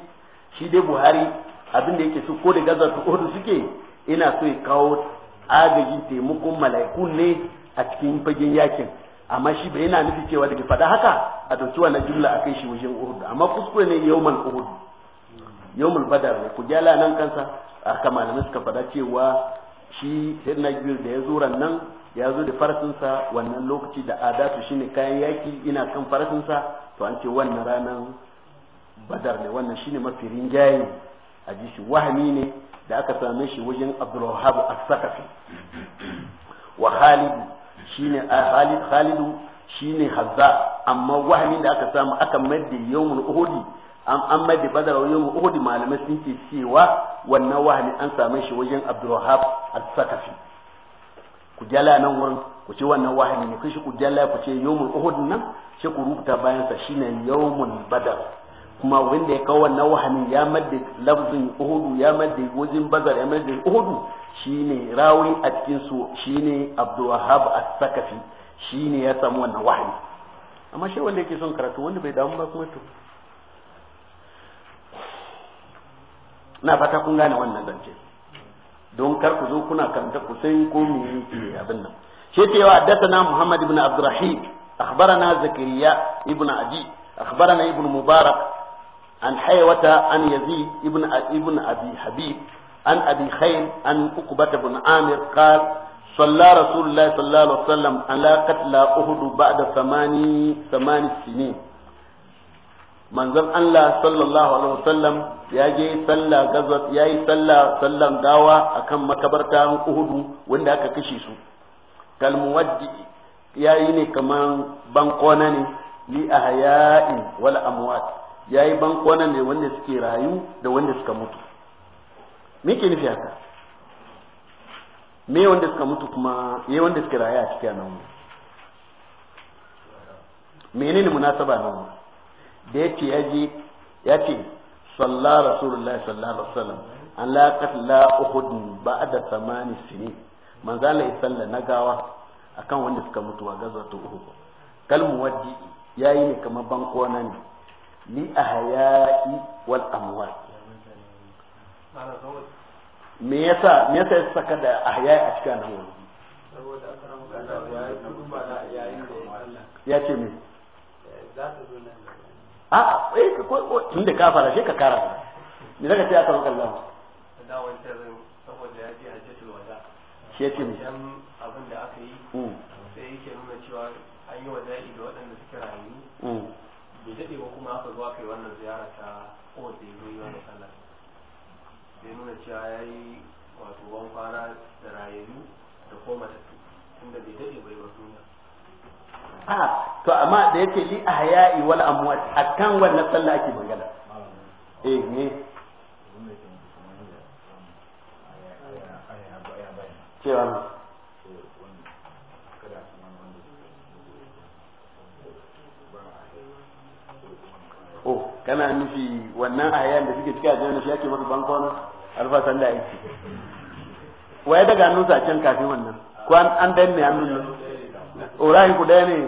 shi dai buhari abin da yake so ko da gazwatu uhud suke ina so ya kawo agajin taimakon malaikun ne a cikin fagen yakin amma shi bai yana nufi cewa daga fada haka a dauki wannan jumla a kai shi wajen uhud amma kuskure ne yawmal uhud yawman badar ne ku gyala nan kansa a aka malamai suka fada cewa shi sayyidina da ya zo nan ya zo da farasinsa wannan lokaci da adatu ne kayan yaki ina kan farasinsa to an ce wannan ranar badar ne wannan shine mafi rinjaye a ji shi wahami ne da aka same shi wajen abdulwahab a sakafi wa khalid shine Khalid Khalidu shine Hazza amma wahamin da aka samu aka mayar da yawmul Uhudi an an da Badar yawmul Uhudi malamai sun ce cewa wannan wahani an same shi wajen Abdurrahab al-Sakafi ku jala nan wurin ku ce wannan wahani ne kashi ku jala ku ce yawmul Uhud nan sai ku rubuta bayan sa shine yawmul Badar kuma wanda ya kawo wannan wahamin ya madda lafzin uhudu ya madda wajen bazar ya madda uhudu shine rawi a cikin su shine abdulwahab as-sakafi shine ya samu wannan wahami amma shi wanda yake son karatu wanda bai damu ba kuma to na fata kun gane wannan zance don kar ku zo kuna karanta ku san ko me yake abin nan shi ce wa haddathana muhammad ibn abdurrahim akhbarana zakariya ibn abi akhbarana ibn mubarak an haywata an yazid ibn ibn habib an abi khayl an uqbata ibn amir qala صلى رسول الله صلى الله عليه وسلم على قتل أهد بعد ثمان ثمان سنين manzon Allah sallallahu alaihi ya je sallah gazat ya yi sallah sallan gawa akan makabarta Uhudu wanda aka kashe su kalmuwaddi ya yi ne kaman bankona ne wal amwat ya yi bankwana ne wanda suke rayu da wanda suka mutu me ke nufi haka me wanda suka mutu kuma ya wanda suke rayu a cikin nan menene munasaba nan da ya ce ya je ya ce salla rasulullahi sallallahu alaihi wasallam an la qatla uhud ba'da samani sini manzo Allah ya na gawa akan wanda suka mutu a gazatu uhud kalmu waddi yayi ne kamar bankona ne li ahya'i wal amwat me yasa me yasa ya saka da ahya'i a cikin nan wani ya ce me a eh ko ko inda ka fara sai ka kara ni daga ce aka maka Allah da wancan saboda ya ji hajjatul wada shi ya ce me abin da aka yi hmm. sai yake nuna cewa an yi wada'i da waɗanda suke rayu hmm. bai daɗe ba kuma aka zuwa kai wannan ziyara ta kowace yi wani sallar sai nuna cewa ya yi wato ban kwana da rayayyu da kuma matattu tunda bai daɗe bai ba duniya a to amma da yake shi li ahya'i wal amwat kan wannan sallah ake magana eh ne cewa kana nufi wannan ayan da suke cikin aljanna shi ake masa bankon alfasan da wa waye daga hannun sa can kafin wannan ko an an danne hannun nan orahin ku daya ne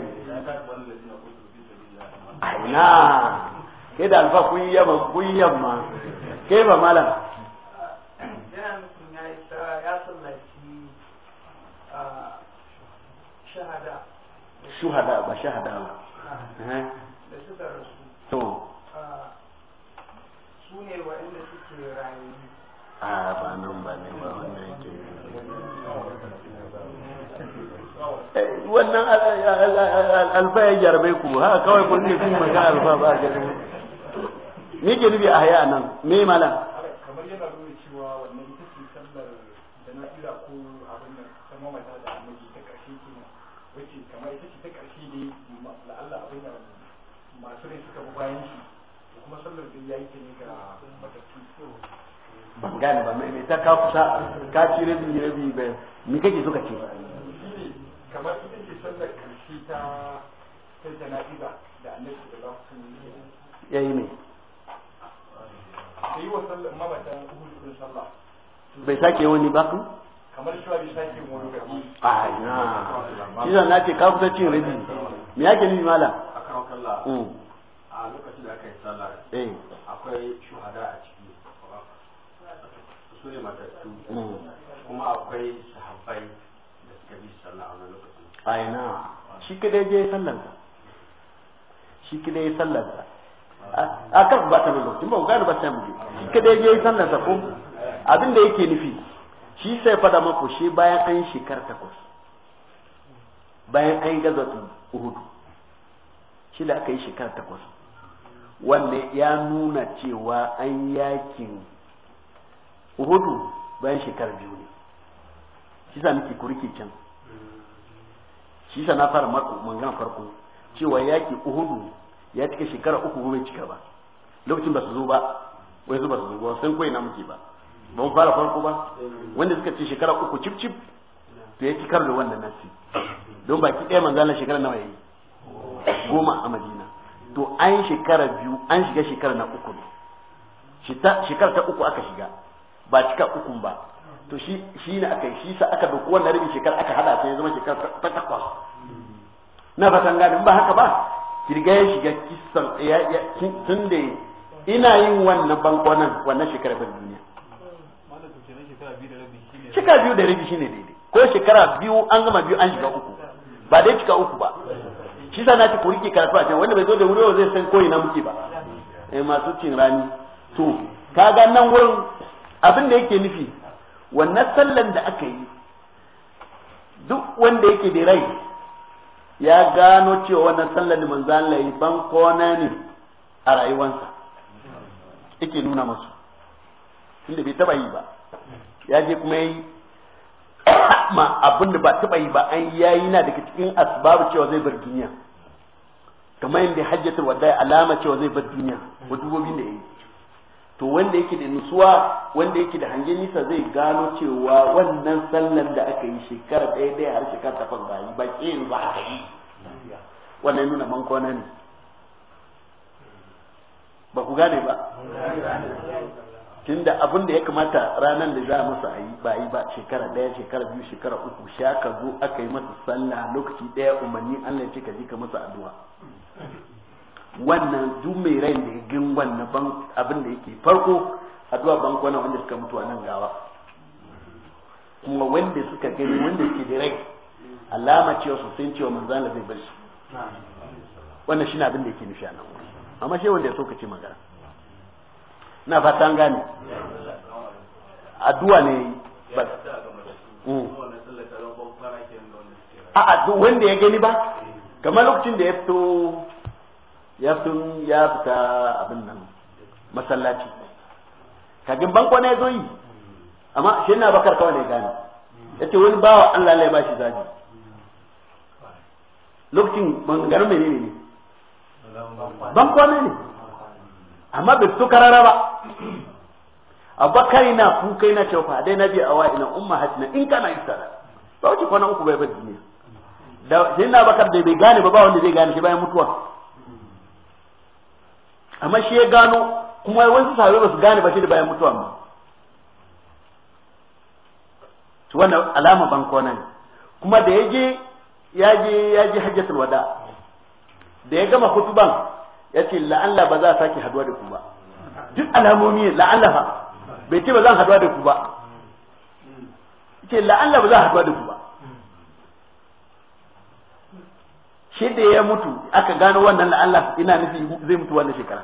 aina kai da alfa kun yi yamma kun yamma ke ba malam shahada ba shahada ba ah, eh? to ne waɗanda suke a ba nan ba ne ba wanda yake eh, wannan alfa ya jarabe ku ha kawai kun ne kun maka alfa ba ga ni ke nufi a haya nan me malam gane ba mai ta ka kusa ka ci rabi rabi ba ni kake so ka ce kamar ita ce sallar karshe ta ta jana'iza da annabi da alaihi wasallam yayi ne sai wa sallar mabatan uhud sallah bai sake wani ba ku kamar shi bai sake wani ba a na shi zan ce ka kusa cin rabi me yake nufi mala akan kallah mm. a lokacin da aka yi sallah eh. akwai shuhada a su ne matattu mm. kuma akwai sahabbai da suka bi sallah a wani lokacin aina shi kadai je sallan sa shi kadai sallan sa a kan ba ta mai tun ba ku gane ba ta muke shi kadai je sallan ta ko abin da yake nufi shi sai fada mako shi bayan an shekar takwas bayan an gaza uhudu shi da aka yi shekar takwas wanda ya nuna cewa an yakin uhudu bayan shekara biyu ne shi sa muke kurki can shi sa na fara mako mangan farko cewa yaki uhudu ya cika shekara uku ko bai cika ba lokacin ba su zo ba wai su ba su zo ba san koyi na muke ba ba mu fara farko ba wanda suka ce shekara uku cip cip to ya ci karo da wannan nasi don baki ɗaya manzana shekara nawa yi goma a madina to an shekara biyu an shiga shekara na uku ne shekara ta uku aka shiga ba cika hukun ba to shi shi ne aka shi sa aka dauko wannan rabin shekara aka hada sai ya zama shekara ta takwas na san gani ba haka ba kirga ya shiga kisan tun da ina yin wannan bankonan wannan shekara ban duniya shekara biyu da rabi shine daidai ko shekara biyu an gama biyu an shiga uku ba dai cika uku ba shi sa na ci ko rike karatu a can wanda bai zo da wuri zai san koyi na muke ba eh, masu cin rani to kaga nan wurin abin da yake nufi wannan sallan da aka yi duk wanda yake da rai ya gano cewa wannan sallan da manzo Allah yi ban kona ne a rayuwarsa yake nuna masu inda bai taba yi ba ya je kuma yi ma abin da ba taba yi ba an yayi na daga cikin asbabu cewa zai bar duniya kamar yadda hajjatul wadai alama cewa zai bar duniya wadubobin da yayi to wanda yake da nutsuwa wanda yake da hangen nisa zai gano cewa wannan sallan da aka yi shekara ɗaya ɗaya har shekara ta ba yi ba ke yanzu aka yi wannan nuna mankona ne ba ku gane ba tunda abin da ya kamata ranar da za a masa a yi ba yi ba shekara ɗaya shekara biyu shekara uku sha ka zo aka yi masa sallah lokaci ɗaya umarni Allah ya ce ka ji ka masa addu'a wannan duk mai rai da bangon na ban abin da yake farko addu'a bankon na wanda suka mutu a nan gawa kuma wanda suka gani wanda ke da rai alama cewa su san cewa manzo Allah zai bar wannan shine abin da yake nufi nan amma shi wanda ya so ka ce magana na fata an gane addu'a ne A mm. a wanda ya gani ba kamar lokacin da ya fito ya sun ya fita abin nan masallaci kagin banko ne zo yi amma shi na bakar kawai ne gane ya ce wani bawa Allah ya shi zaji lokacin maganganun mene ne banko ne ne amma bai su karara ba abubakar na kuka na cewa dai na biya awa ina umma hajjina in kana yi sada ba wuce kwana uku bai bar duniya da shi na bakar da bai gane ba ba wanda zai gane shi bayan mutuwa amma shi ya gano kuma wasu sahabai ba su gane ba shi da bayan mutuwa ba to wannan alama banko ne kuma da yaje yaje yaje hajjatul wada da ya gama hutuban ya ce la'alla ba za a sake haduwa da ku ba duk alamomi la'alla ba bai ce ba zan haduwa da ku ba ce la'alla ba za a haduwa da ku ba shi da ya mutu aka gano wannan la'alla ina nufi zai mutu wannan shekara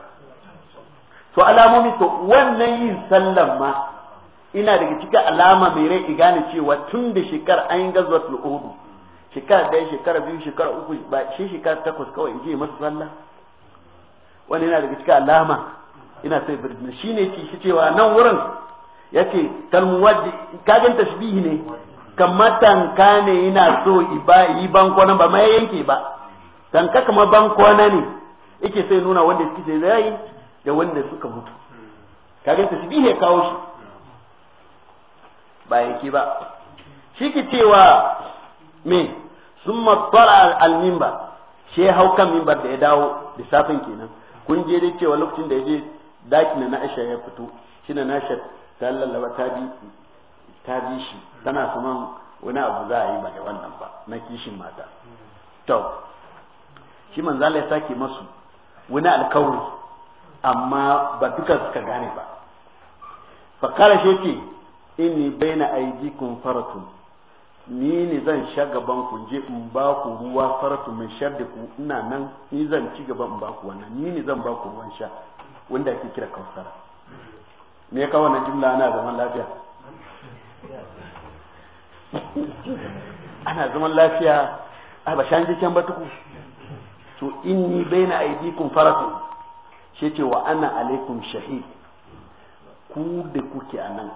to alamomi to wannan yin sallan ma ina daga cikin alama mai rai ki gane cewa tun da shekara an yi gazwatul uhudu shekara da shekara biyu shekara uku ba shi shekara takwas kawai in je masa sallah wani yana daga cikin alama ina sai birni. shi ne shi cewa nan wurin yake kalmuwaji kagan tashbihi ne kamatan kane yana so yi bankon ba ma yanke ba ka kamar ban kwana ne yake sai nuna wanda suke da rai da wanda suka mutu Ka ga tasbihi ya kawo shi ba yake ba shi ke cewa me summa tara al-minbar hau kan minbar da ya dawo lissafin kenan kun je dai cewa lokacin da ya je daki na Aisha ya fito shi na Aisha ta lallaba ta bi shi tana saman wani abu za a yi ba da wannan ba na kishin mata to shi Allah ya sake masu wani alkawari amma ba duka suka gane ba kala shi ce inni baina aydikum faratun ni ne zan sha gaban ku je in ba ku ruwa faratun mai shar da ku ina nan ni zan ci gaban in ba ku wannan ni ne zan ba ku ruwan sha wanda ake kira kausara me ka wannan jumla ana zaman lafiya ana zaman lafiya a ba shan jikin ba tuku to inni baina aidikum farakun shi ce wa ana alaikum shahid ku da kuke nan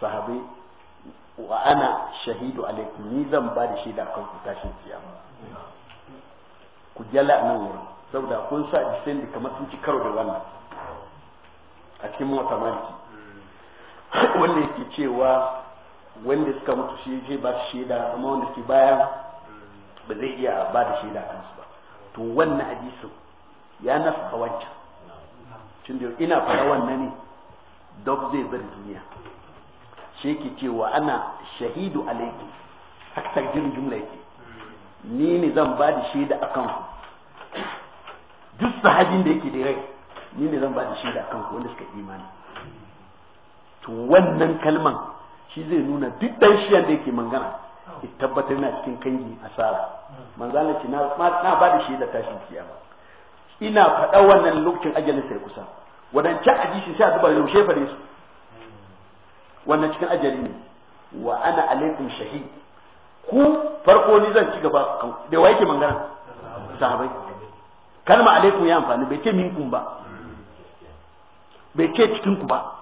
sahabai wa ana shahidu alaikum ni zan ba da shaida kan ku tashi tiya ku jala nan wurin saboda kun sa jisin da kamar sun ci karo da wannan a cikin mota maliki wanda yake cewa wanda suka mutu shi zai ba shaida amma wanda ke baya ba zai iya ba da shaida kansu to wannan hadisin ya nasa wancan tunda ina fara wannan ne dok zai bar duniya shi ke cewa ana shahidu alaiki haka jin jumla yake ni ne zan ba da shaida akan ku duk sahajin da yake da rai ni ne zan ba da shaida akan ku wanda suka imani to wannan kalman shi zai nuna duk dan shiyan da yake mangana tabbatar na cikin kanji asara manzana ce na ba da shi da tashin kiyama ina faɗa wannan lokacin ajalin sai kusa wadancan hadisi sai a zuba yaushe fare su wannan cikin ajali ne wa ana alaikum shahid ku farko ni zan ci gaba da wa yake mangana sahabai kalma alaikum ya amfani bai ce minkum ba bai ce cikin ku ba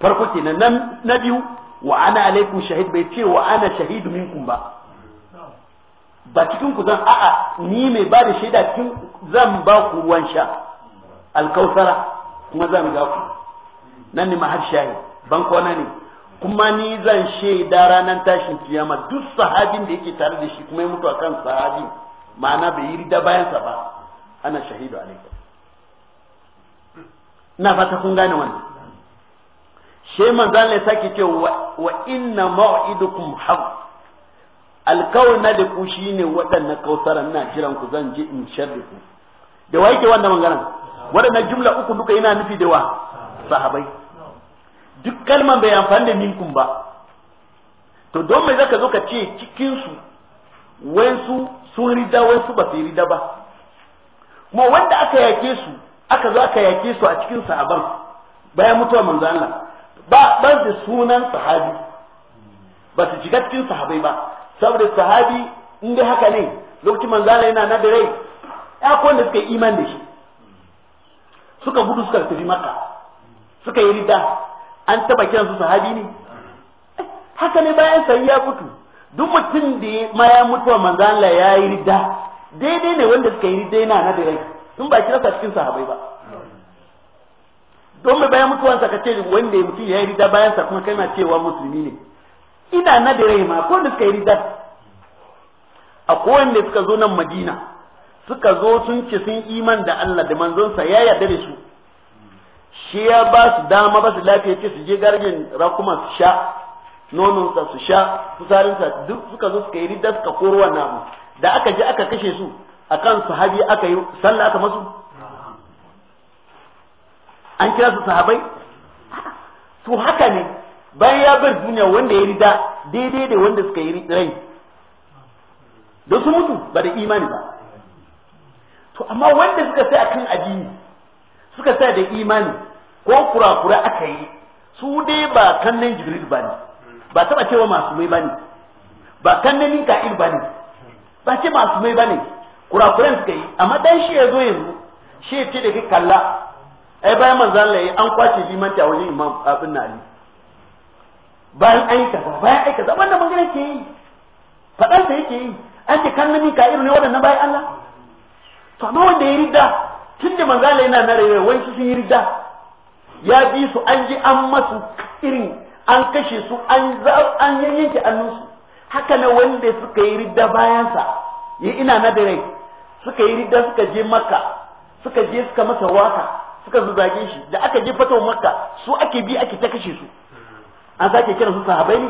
farko kenan na biyu wa ana alaikum shahid bai ce wa ana shahidu minkum ba ba cikin ku zan a'a ni mai ba da shaida cikin zan ba ku ruwan sha alkausara kuma zan ga ku nan ne mahar shahi ban kona ne kuma ni zan shaida ranar tashin kiyama duk sahabin da yake tare da shi kuma ya mutu akan sahabi ma'ana bai yi rida bayansa ba ana shahidu alaikum na fata kun gane wannan sai manzo Allah ya sake ce wa inna mau'idukum haw alkawar na da ku shine waɗannan kausaran na jiran ku zan je in sharri ku da wa yake wannan maganar waɗannan jumla uku duka yana nufi da wa sahabai duk kalman bai amfani da minkum ba to don mai zaka zo ka ce cikin su wensu sun rida wensu ba su rida ba kuma wanda aka yake su aka zo aka yake su a cikin sahaban bayan mutuwar manzo Allah ba ban da sunan sahabi ba su shiga cikin sahabai ba saboda sahabi in dai haka ne lokacin manzala yana na da rai ya da suka yi iman da shi suka gudu suka tafi maka suka yi rida an taba kiran su sahabi ne haka ne bayan sai ya mutu duk mutum da ma ya mutuwa manzala ya yi rida daidai ne wanda suka yi rida yana na da rai sun ba kira sa cikin sahabai ba don mai bayan mutuwansa ka ce wanda ya mutu ya yi rida sa kuma kai cewa musulmi ne ina na da rai ma ko da suka yi rida a kowanne suka zo nan madina suka zo sun ce sun iman da Allah da manzonsa ya yarda da su shi ya ba su dama ba su lafiya ce su je garjin rakuma su sha nononsa su sha fusarinsa duk suka zo suka yi rida suka koro wannan abu da aka je aka kashe su akan sahabi aka yi sallah aka masu an kira su sahabai to haka ne bayan ya bar duniya wanda ya rida daidai da wanda suka yi rai da su mutu ba da imani ba to amma wanda suka sai akan addini suka sai da imani ko kurakura aka yi su dai ba kannan jibril ba ne ba taba cewa masu mai ba ne ba kannan nika'il ba ne ba ce masu mai ba ne kurakuran suka yi amma dan shi ya zo yanzu shi ya ce da kalla ai bayan manzo Allah yayi an kwace limanci a wajen imam abin na ali bayan ai ka bayan ai kaza wannan magana ke yi fadan sa yake yi an ce kan nabi ka irin ne wannan bayan Allah to amma wanda ya rida tunda manzo Allah yana na rayuwa wani sun yi rida ya bi su an ji an masu irin an kashe su an za an yanyanke annunsu haka na wanda suka yi ridda bayansa ya ina na da rai suka yi ridda suka je maka suka je suka masa waka suka zage shi da aka je fatawa makka su ake bi ake ta kashe su an sake kiran su sahabai ne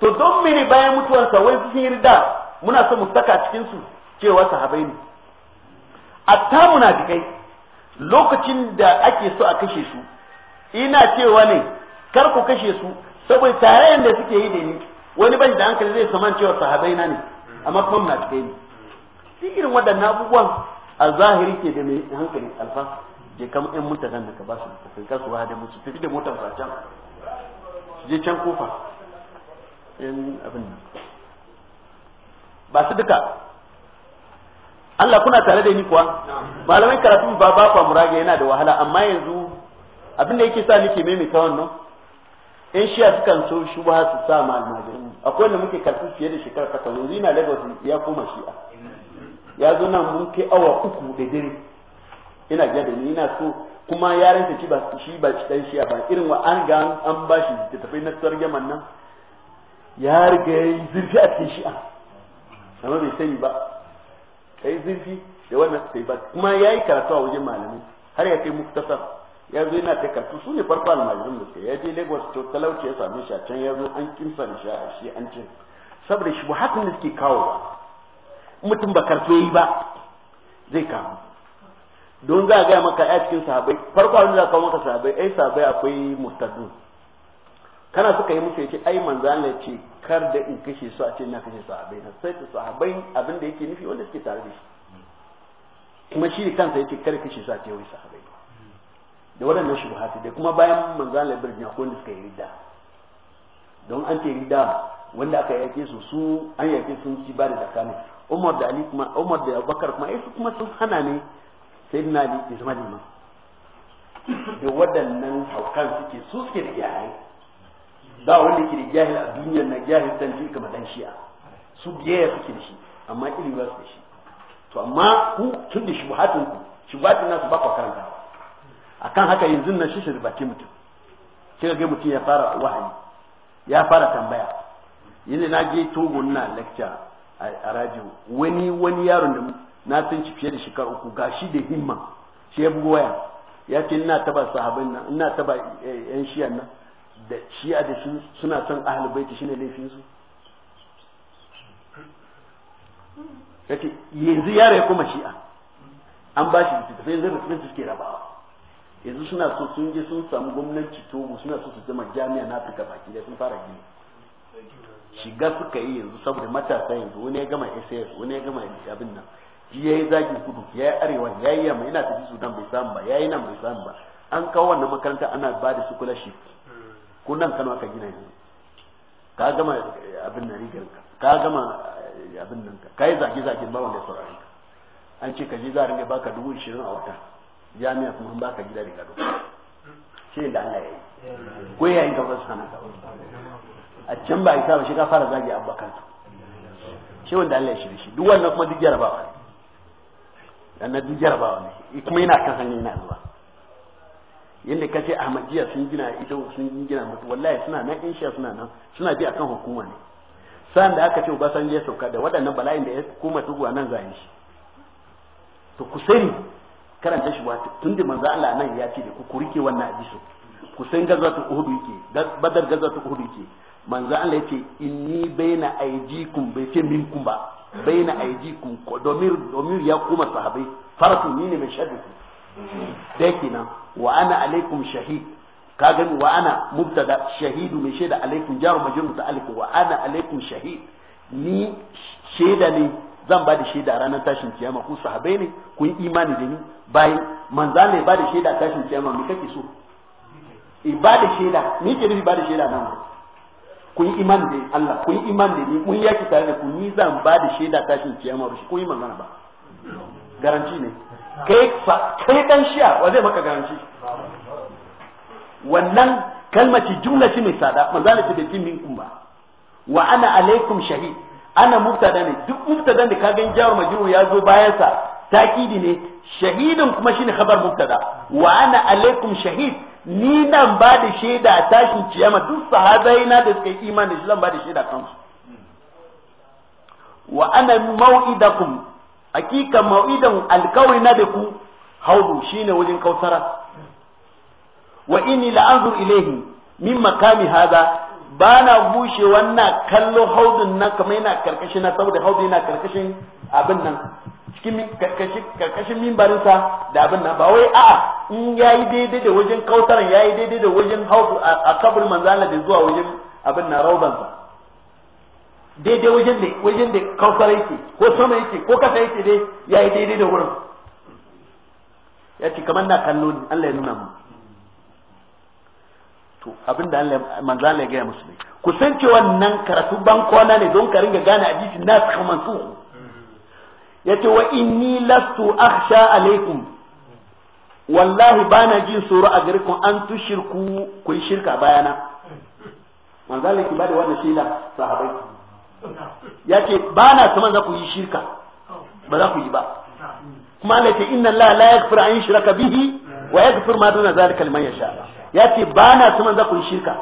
to don mene bayan mutuwarsa wai sun yi da muna so mu saka cikin su cewa sahabai ne atta munafikai lokacin da ake so a kashe su ina cewa ne kar ku kashe su saboda tarayyar da suke yi da ni wani ban da hankali zai saman cewa sahabai na ne amma kuma munafikai ne cikin irin waɗannan abubuwan a zahiri ke da mai hankali alfa je kama yan mutanen da ka ba su da kai kasuwa da musu fi da motar ba can je can kofa yan abin nan ba su duka Allah kuna tare da ni kuwa malamai karatu ba ba kwa murage yana da wahala amma yanzu abin da yake sa nake ta wannan in shiya sukan so shubha su sa malamin akwai wanda muke karfi fiye da shekara takwas yanzu Lagos ya koma shi'a ya zo nan mun kai awa uku da dare ina da ni ina so kuma yaran ta ci ba shi ba ci dan shiya ba irin wa an ga an bashi da tafi na tsar yaman nan ya riga zurfi a cikin shi'a amma bai sani ba kai zurfi da wannan sai ba kuma yayi karatu a wajen malamai har ya kai muktasar ya zo yana ta karatu su ne farko almajirin da suka ya je lagos to talauci ya same shi a can ya zo an kimsa da shi an ce saboda shi ba hakan da suke kawo ba mutum ba karfe yi ba zai kama don za a gaya maka ya cikin sahabai farko abin da kawo maka sahabai ai sahabai akwai mustadu kana suka yi musu yace ai manzo Allah ce kar da in kashe su a ce na kashe sahabai na sai sahabai abin da yake nufi wanda suke tare da shi kuma shi kansa yace kar kashe su a ce wai sahabai da waɗannan buhati da kuma bayan manzo Allah birni akwai wanda suka yi ridda don an ce ridda wanda aka yake su su an yake sun ci ba da zakka umar da ali kuma umar da abubakar kuma eh, su kuma sun hana ne sai na ali ya zama liman da waɗannan haukan suke su suke da yayi ba wanda ke da jahil a duniyar na jahil dan shi kamar dan shi'a su biyayya suke da shi amma ilimi ba su da shi to amma ku tun da shubuhatin ku shubuhatin nasu ba ku karanta akan haka yanzu nan shi shirbace mutum sai ga mutum ya fara wahayi ya fara tambaya yanzu na je togo na lecture a rajin wani wani yaron da na san ci fiye da shekaru uku gashi da himma shi ya bugo waya ya ce ina taba sahabin nan ina taba eh, yan shiyan nan da shi'a da shi suna son ahlul baiti shine laifin su yace yanzu yaro ya koma shi'a an ba shi littattafai zai rufe suke rabawa yanzu suna so sun je sun samu gwamnati to suna so su zama jami'a na afirka baki da sun fara gini shiga suka yi yanzu saboda matasa yanzu wani ya gama SAS wani ya gama abin nan ya yi zagi kudu ya yi arewa ya yi yamma yana tafi sudan bai samu ba ya yi nan bai samu ba an kawo wannan makaranta ana ba da scholarship ko nan kano aka gina yanzu ka gama eh, abin nan rigar ka ka gama eh, abin nan ka yi zage zage ba wanda ya saurare ka an ce ka je za a rinka baka dubu ishirin a wata jami'a kuma an baka gida da gado shi da Allah ya yi ko yayin gaba sana a can ba isa ba shi ka fara zagi abubakar shi wanda Allah ya shirye shi duk wannan kuma duk jarabawa ne dan duk jarabawa ne kuma yana kan hanyar yana zuwa yadda ka ce ahmadiyya sun gina ita sun gina mutu wallahi suna nan in suna nan suna bi akan hukuma ne sa'an da aka ce Obasanjo ya sauka da waɗannan bala'in da ya koma tuguwa nan zai shi to ku sani karanta shi ba tun da manzo Allah nan ya ce da ku kurike wannan hadisi ku san gazatu uhudu yake badar gazatu uhudu yake manzo Allah yace inni baina aijikum bai ce minkum ba baina aijikum ko domir domir ya kuma sahabai faratu ni ne mai shaddu mm-hmm. dai kina wa ana alaikum shahid ka gani wa ana mubtada shahidu mai shaida alaikum jaru majrur muta'alliq wa ana alaikum shahid ni shaida ne zan ba da shaida ranar tashin kiyama ku sahabai ne ku yi imani da ni bayan manzo ya ba da shaida tashin kiyama me kake so ibada shaida ni ke eh, nufi ibada shaida nan kun yi iman da Allah kun yi iman da ni kun yaki tare da ku ni zan ba da shaida tashin kiyama ba shi kun yi magana ba garanti ne kai fa kai dan shiya wa zai maka garanti wannan kalmaci jumla ce mai tsada manzala da bai minkum ba wa ana alaikum shahid ana mubtada ne duk mubtada ne ka gan jawar majrur ya zo bayan sa takidi ne shahidin kuma shine khabar mubtada wa ana alaikum shahid ni nan ba da shaida a tashin ciyama duk sahabai na da suka yi imani da shi zan ba da shaida kansu wa ana mau'idakum hakika mau'idan alkawari na da ku haudu shine wajen kautara wa inni la'anzur ilayhi min makami hada ba na bushe wannan kallo haudun nan kamar yana karkashin na saboda haudu yana karkashin abin nan cikin karkashin mimbarinsa da abin nan ba wai a in yayi daidai da wajen kautaran yayi daidai da wajen hauku a kabul manzana da zuwa wajen abin na raudan sa daidai wajen da wajen da kautar yake ko sama yake ko kasa yake dai yayi daidai da wurin ya ce kamar na kallo ne Allah ya nuna mu to abinda Allah manzala ya gaya musu ne ku san cewa nan karatu bankona ne don ka ringa gane hadisin nasu kamar su yace wa inni lastu akhsha alaikum wallahi bana jin tsoro a gare ku an tushirku ku yi shirka bayana manzali ki bada wannan shila sahabbai yace bana so manzo ku yi shirka ba za ku yi ba kuma Allah yace inna Allah la yaghfiru an yushraka bihi wa yaghfiru ma duna zalika liman yasha yace bana so manzo ku yi shirka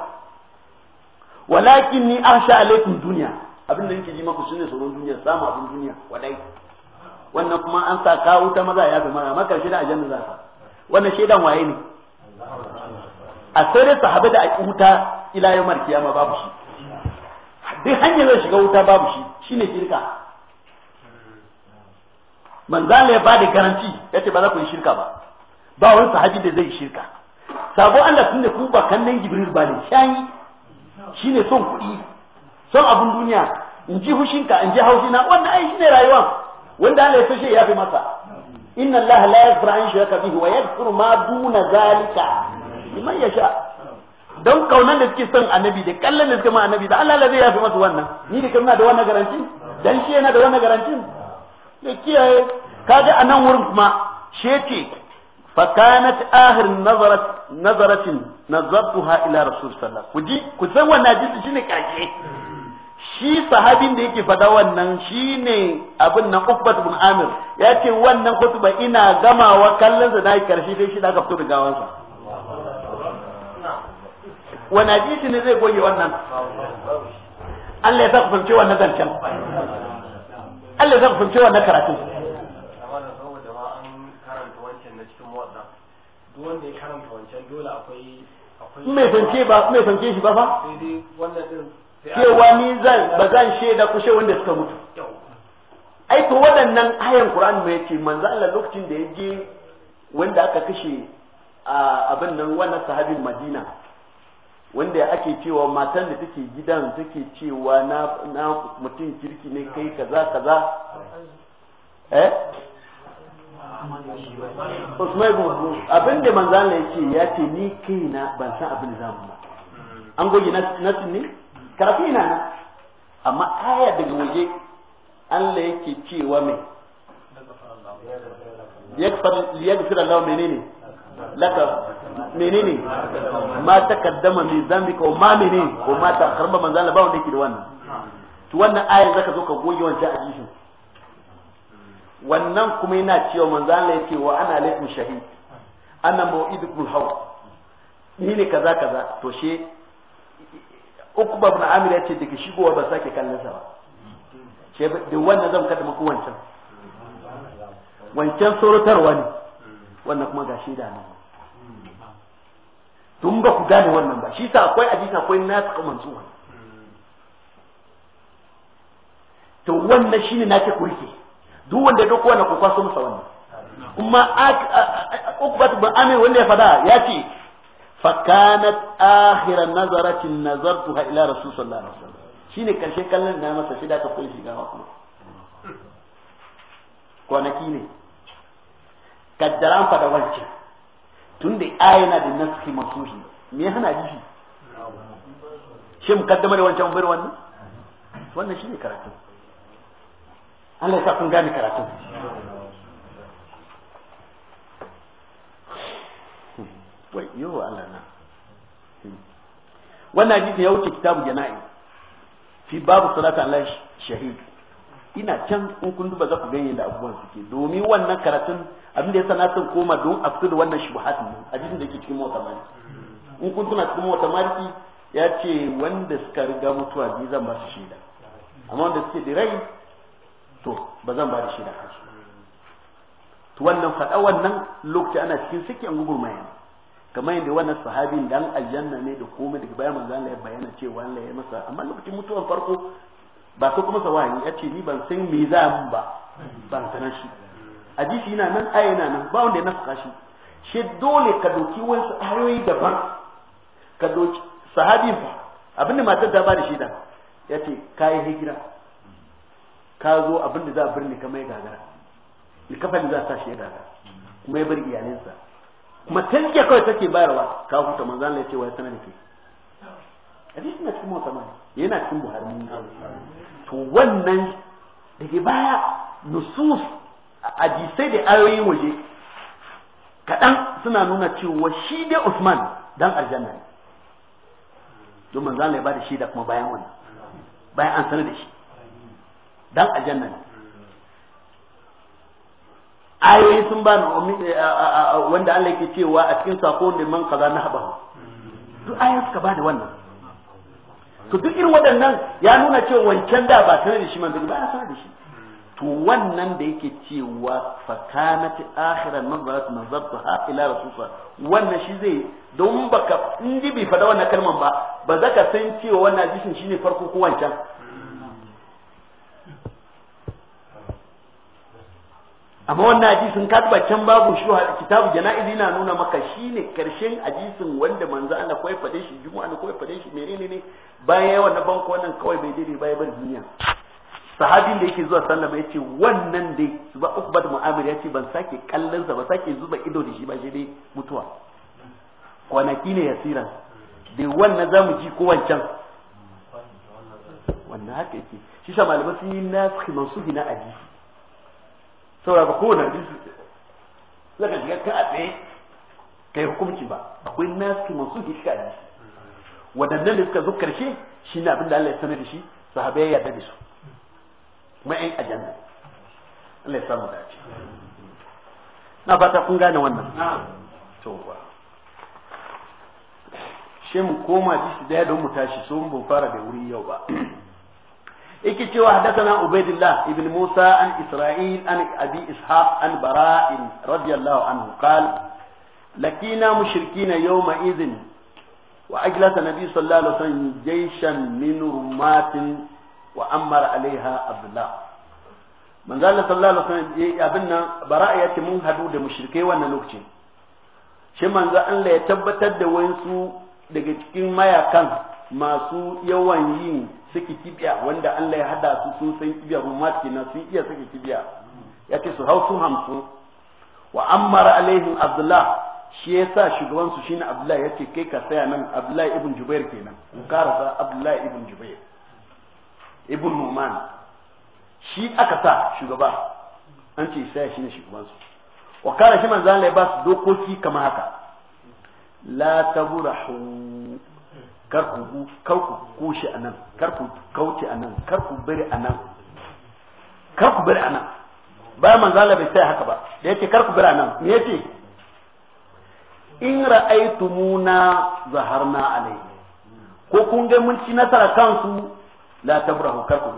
walakin ni akhsha alaikum dunya abin da nake ji maku shine tsoron duniya samu abin duniya wadai wannan kuma an sa ka wuta maza ya fi mana maka shi da aljanna za ka wannan shaidan waye ne a sai dai sahabi da wuta ila yawmar kiyama babu shi duk hanyar zai shiga wuta babu shi shine shirka manzala ya bada garanti yace ba za ku yi shirka ba ba wani sahabi da zai shirka sabo Allah tun da ku ba kannan Jibril ba ne shayi shine son kuɗi son abun duniya in ji hushinka in ji haushina wannan ai shine rayuwa wanda Allah ya so shi ya fi masa inna Allah la yaghfiru an shirka bihi wa yaghfiru ma duna zalika liman yasha don kaunan da suke son annabi da kallon da suke ma annabi da Allah zai yafi masa wannan ni da kana da wannan garanti dan shi yana da wannan garanti da kiyaye kaje a nan wurin kuma shi yake fa kanat ahir nazarat nazaratin ku ji ku san shi sahabin da yake faɗa wannan shi ne abin na ukbat bin amir ya ce wannan kutuba ina gamawa kallon sa nayi karshe sai shi da aka fito da gawansa wani hadisi ne zai goge wannan Allah ya sa ku fahimci wannan zancen Allah ya sa ku fahimci wannan karatu mai fahimce ba mai fahimce shi ba fa sai dai wannan din cewa ni zan ba zan shaida kushe wanda suka mutu ai to waɗannan ayan Qur'ani mai ce, manzo Allah lokacin da ya je wanda aka kashe abin nan wannan sahabin Madina wanda ake cewa matan da take gidan take cewa na na mutum kirki ne kai kaza kaza eh Usman ibn abin da manzo Allah yake ya ce ni kaina ban san abin zamu ba an goge nasin ne karatu na nan amma aya daga waje Allah yake cewa mai yaghfir Allah menene laka menene ma takaddama mai zambi ko ma menene ko ma ta karba manzo Allah ba wanda yake da wannan to wannan aya zaka zo ka goge wancan hadisin wannan kuma yana cewa manzo Allah yake wa ana alaikum shahid ana mau'idukum hawa ni ne kaza kaza to she Ukba ibn amir ya ce daga shigowa ba sake kallon sa ba da wannan zan kada muku wancan wancan sorotarwa ne wannan kuma ga shaida ne tun ba ku gane wannan ba shi sa akwai ajiyar akwai nasu mansuwa to wannan shine nake ku rike duk wanda duk wannan ku kwaso masa wannan kuma Ukba ibn amir wanda ya fada ya ce fakanat akhira nazaratin nazartuha ila rasul sallallahu alaihi wasallam shine kashe kallon da masa shi da ka kun shiga kuma kwanaki ne kaddaran fa da wancan tunda ayana da naski masuhi me hana jishi shi mukaddama ne wancan bar wannan wannan shine karatu Allah ya sa kun gane karatu wai yo Allah na wannan hadisi ya wuce kitabu jana'i fi babu salatu ala shahid ina can in kun duba za ku ganye da abubuwan suke domin wannan karatun abin da ya sun koma don a fito da wannan shubuhat ne hadisin da ke cikin mota maliki in kun tuna cikin mota maliki ya ce wanda suka riga mutuwa ne zan ba su shaida amma wanda suke da rai to ba zan ba da shaida kansu to wannan faɗa wannan lokaci ana cikin sake an gugurmaya kamar yadda wannan sahabin dan aljanna ne da komai daga bayan manzo Allah ya bayyana cewa Allah ya masa amma lokacin mutuwar farko ba ko kuma sawani ya ce ni ban san me za mu ba ban san shi hadisi yana nan aya yana nan ba wanda ya nafaka shi shi dole ka doki wasu ayoyi daban ka doki sahabin fa abinda matar ta bada shida ya ce ka yi hijira ka zo abinda za a birni kamar ya gagara likafani za a sa shi ya gagara kuma ya bar iyalinsa ke kawai take bayarwa ka huta manzan Allah ya ce wai sanar da ke hadisi na cikin mota yana cikin Buhari mun to wannan daga baya nusus hadisai da ayoyin waje kaɗan suna nuna cewa shi dai Usman dan aljanna ne don manzan Allah ya bada shi da kuma bayan wannan bayan an sanar da shi dan aljanna ne ayoyi sun ba na eh, eh, eh, wanda Allah yake cewa a cikin sako da man kaza na haɓa duk ayoyi suka ba da wannan to duk irin waɗannan ya nuna cewa wancan da ba tare da shi zai ba a da shi to wannan da yake cewa fakanat akhiran nazarat nazartuha ila rasulullah wannan shi zai don baka in ji bai faɗa wannan kalman ba ba za ka san cewa wannan hadisin shine farko ko wancan amma wannan hadisin ka ba can babu shuha kitabu jana'izi na nuna maka shine karshen hadisin wanda manzo Allah koyi fade shi juma'a ne kawai fade shi menene ne bayan yawan na banko wannan kawai bai dade bai bar duniya sahabin da yake zuwa sallama yace wannan dai ba ukbat mu'amir yace ban sake kallon sa ba sake zuba ido da shi ba shi dai mutuwa kwanaki ne yasira dai wannan zamu ji ko wancan wannan haka yake shi sha malamai sun yi nasu su na hadisi saboda ba kowane hadisi zaka shiga ka a tsaye kai hukunci ba akwai nasu masu da a hadisi waɗannan da suka zo karshe shi ne abin da Allah ya sanar da shi sahabai ya yarda da su kuma ƴan ajanna Allah ya samu dace na fata kun gane wannan to shi mu koma shi daya don mu tashi so mun fara da wuri yau ba yake cewa hadathana ubaidillah ibn musa an isra'il an abi ishaq an bara'in radiyallahu anhu qal lakina mushrikin yawma idhin wa ajlasa nabi sallallahu alaihi wasallam jayshan min rumatin wa amara alaiha abdullah manzo Allah sallallahu alaihi wasallam ya nan bara'a yace mun hadu da mushrikai wannan lokacin shi manzo Allah ya tabbatar da wayansu daga cikin mayakan masu yawan yin suke kibiya wanda Allah ya hada su sun san kibiya kuma kenan sun iya suke kibiya yake su hausu hamsin wa ammar alaihim abdullah shi yasa shugaban su shine abdullah ce kai ka saya nan abdullah ibn jubair kenan ku karasa abdullah ibn jubair ibn numan shi aka sa shugaba an ce saya shine shugaban su wa kara shi manzo Allah ya ba su dokoki kamar haka la taburahu kar ku kar ku kushi anan kar ku kauce anan kar ku bari anan kar ku bari anan bayan manzo Allah bai sai haka ba da yace kar ku bari anan me yace in ra'aytumuna zaharna alai ko kun ga mun ci nasara kansu la tabrahu kar ku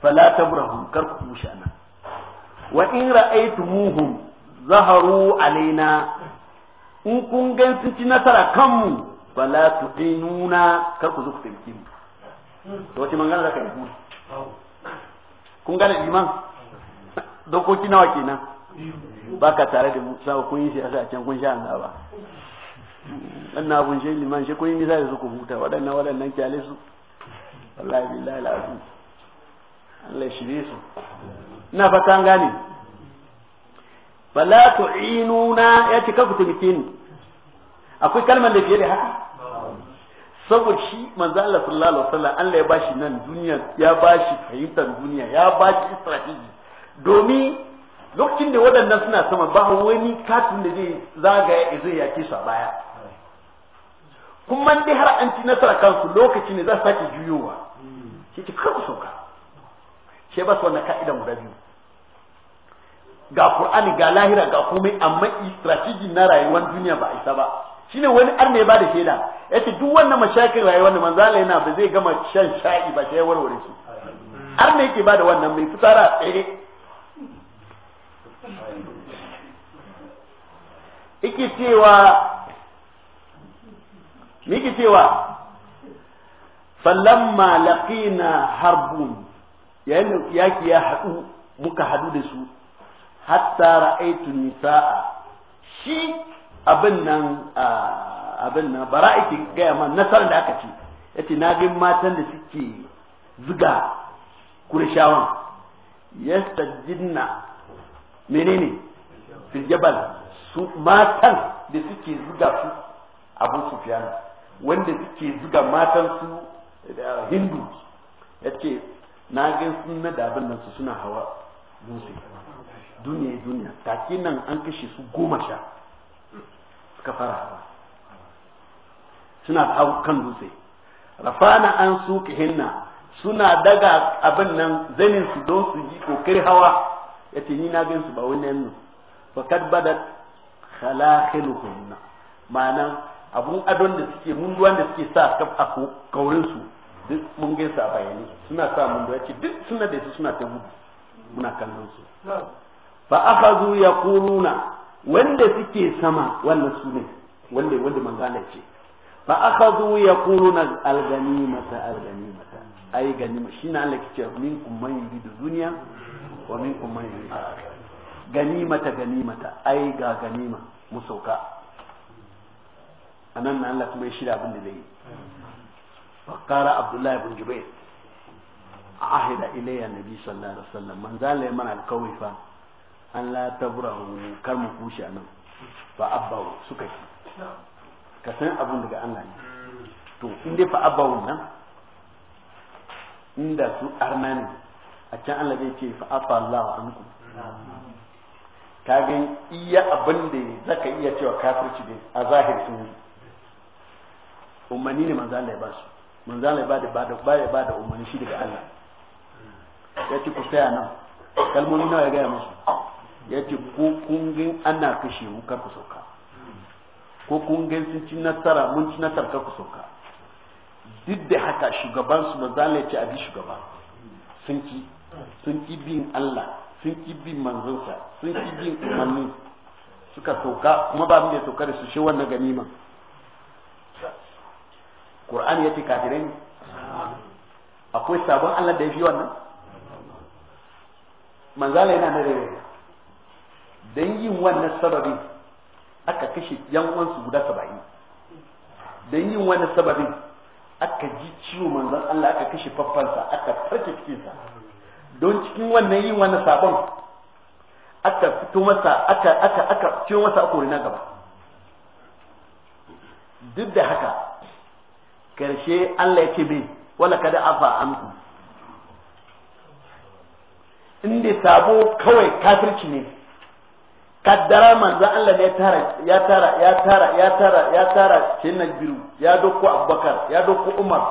Fa fala tabrahu kar ku anan. wa in ra'aytumuhum zaharu alaina in kun gan sun ci nasara kanmu ba fala tuqinuna kar ku zo ku taimake mu to wace mangana za ka yi kuma kun gane liman dokoki nawa kenan ba ka tare da musa kun yi shi a can kun sha Allah ba wannan abun shi liman shi kun yi nisa da su ku huta waɗannan waɗannan kyale su wallahi billahi alazim Allah ya shirye su ina fata an gane fala tu'inuna ya ce ka ku akwai kalmar da fiye da haka saboda shi manzo Allah sallallahu alaihi wasallam Allah ya bashi nan duniya ya bashi fahimtar duniya ya bashi strategy domin lokacin da waɗannan suna sama ba wani katin da zai zagaya zai yake su a baya kuma dai har an ci nasara kansu lokacin da za su sake juyowa shi ce kar ku sauka shi ba su wannan ka'idan guda biyu ga Qur'ani ga lahira ga komai amma strategy na rayuwar duniya ba isa ba shine wani ne ya bada shaida yace duk wannan mashakin rayuwar da manzo Allah yana ba zai gama shan sha'i ba sai warware su ne yake bada wannan mai fitara tsere Iki cewa miki cewa falamma laqina harbun yayin yaki ya haɗu muka haɗu da su hatta ra'aitu nisa'a shi abin nan abin nan bara'iki gaya man nasarar da aka ci yace na ga matan da suke zuga kurshawan yastajinna menene fil jabal su matan da suke zuga su abu sufyan wanda suke zuga matan su hindu yace na ga sun na abin nan su suna hawa musu duniya duniya take nan an kashe su goma sha suka fara hawa suna hau kan dutse rafana an suke hinna suna daga abin nan zanin su don su ji kokari hawa ya ce ni na gan su ba wannan nan fa kad badat khalakhiluhunna maana abun adon da suke munduwan da suke sa a kaurin su duk mun gaisa a bayani suna sa munduwa ce duk suna da su suna ta gudu muna kallon su fa akhadhu yaquluna wanda suke sama wannan su ne wanda wanda mangana ce fa akhadhu yaquluna al-ghanimata al-ghanimata ai ganima shine Allah ke min minkum man da duniya, wa minkum man yuridu ganimata ganimata ai ga ganima musauka anan nan Allah kuma ya shirya abin da zai yi fakara abdullahi ibn jubair ahida ilayya nabi sallallahu alaihi wasallam man ya mana alkawai fa an la tabura kar mu kushe nan fa abbawu suka ci ka san abun daga Allah ne to in dai fa abbawu nan inda su arna a can Allah zai ce fa afa Allah anku ka ga iya abin da zaka iya cewa kafirci ne a zahir sun yi umarni ne manzo Allah ya ba su manzo Allah ya ba da ba ya ba da umarni shi daga Allah ya ci ku tsaya nan kalmomi nawa ya gaya musu ya ce ko kungin ana kashe mu kar ku sauka ko kungin sun ci nasara mun ci nasara kar ku sauka duk da haka shugaban su manzala ya ce a bi shugaba sun ki sun ki bin Allah sun ki bin manzonsa sun ki bin umarni suka sauka kuma ba mun da sauka da su shi wannan ganima Qur'an ya ce kafirin akwai sabon Allah da ya fi wannan manzala yana da rai don yin wannan sababin aka kashe yan uwansu guda saba'in don yin wannan sababin aka ji ciwo manzon Allah aka kashe faffansa aka farke cikinsa don cikin wannan yin wannan sabon aka fito masa aka aka aka ciwo masa aka na gaba duk da haka karshe Allah ya ce min wala kada afa amku in sabo kawai kafirci ne kaddara manzo Allah ne ya tara ya tara ya tara ya tara ya tara na biru ya doko Abubakar ya doko Umar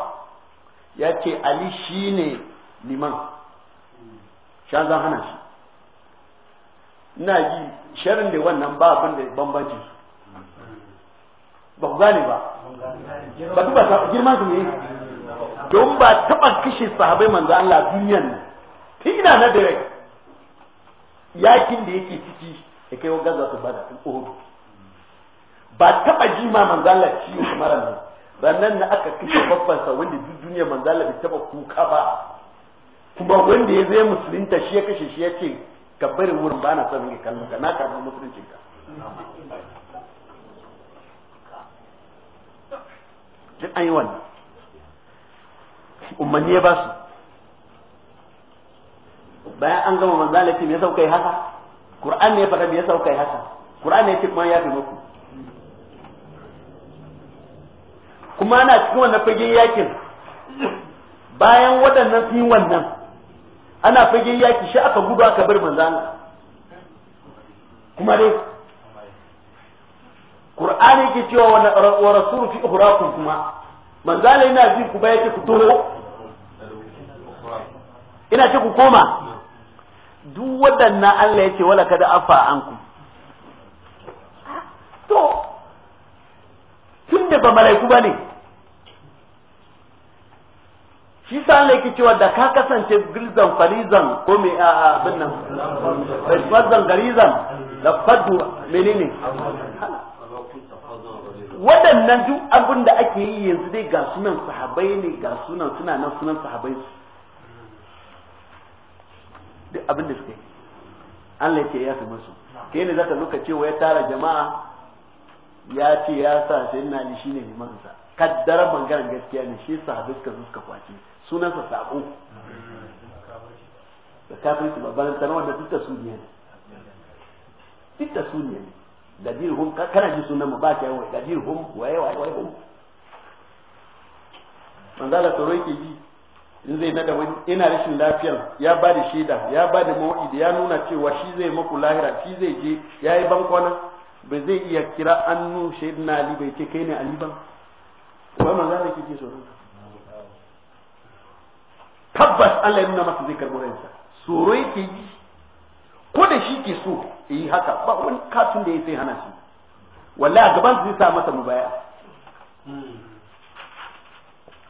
ya ce Ali shine liman shan zan hana shi ina ji sharin da wannan ba abin da bambanci ba ku gane ba ba duba ta girman su ne don ba taba kishi sahabai manzo Allah duniyan ne ina na dare yakin da yake ciki ya kai wa gaza su da uhudu ba taba ji ma manzala ciwo kamar nan rannan da aka kashe babban sa wanda duk duniya manzala bai taba kuka ba kuma wanda ya zai musulunta shi ya kashe shi ya ce ka bari wurin ba na son ka kallon ka na karɓar musuluncin ka duk an yi wannan umarni ya ba su bayan an gama manzala ce me yasa kuka yi haka Qur'an ne ya faɗa me yasa yi haka Qur'an ne ya ce kuma ya fi muku kuma ana cikin wannan fage yakin bayan waɗannan fi wannan ana fage yaki shi aka gudu aka bar manzo Allah kuma dai Kur'ani ke cewa wa rasulu fi ukhrakum kuma manzo Allah yana jin ku ba ku toro ina ce ku koma duk waɗannan Allah ya ce wala kada afa anku to tun ba malaiku ba ne shi sa Allah yake cewa da ka kasance gilzan farizan ko me a abin nan farizan garizan da faddu menene waɗannan duk abin da ake yi yanzu dai ga sunan sahabai ne ga sunan suna nan sunan sahabai su duk abin da suka yi Allah ke ya sami su kai ne zaka luka cewa ya tara jama'a ya ce ya sa sai na ni shine ne sa kaddara bangaren gaskiya ne shi sa suka zo suka kwace sunan sa sako da kafin su babban tarwa da duk su ne duk da su ne da dirhum kana ji sunan mu ba kai yawa da dirhum waye waye waye manzala to roike ji in zai nada wani ina rashin lafiyar ya ba da shaida ya ba da da ya nuna cewa shi zai maku lahira shi zai je ya yi bankwana ba zai iya kira annu na ali bai ce kai ne ali ba ba za da kike so tabbas Allah ya nuna masa zai karbo ransa tsoro yake yi ko da shi ke so yi haka ba wani katun da ya sai hana shi wallahi a gaban zai sa masa mubaya hmm.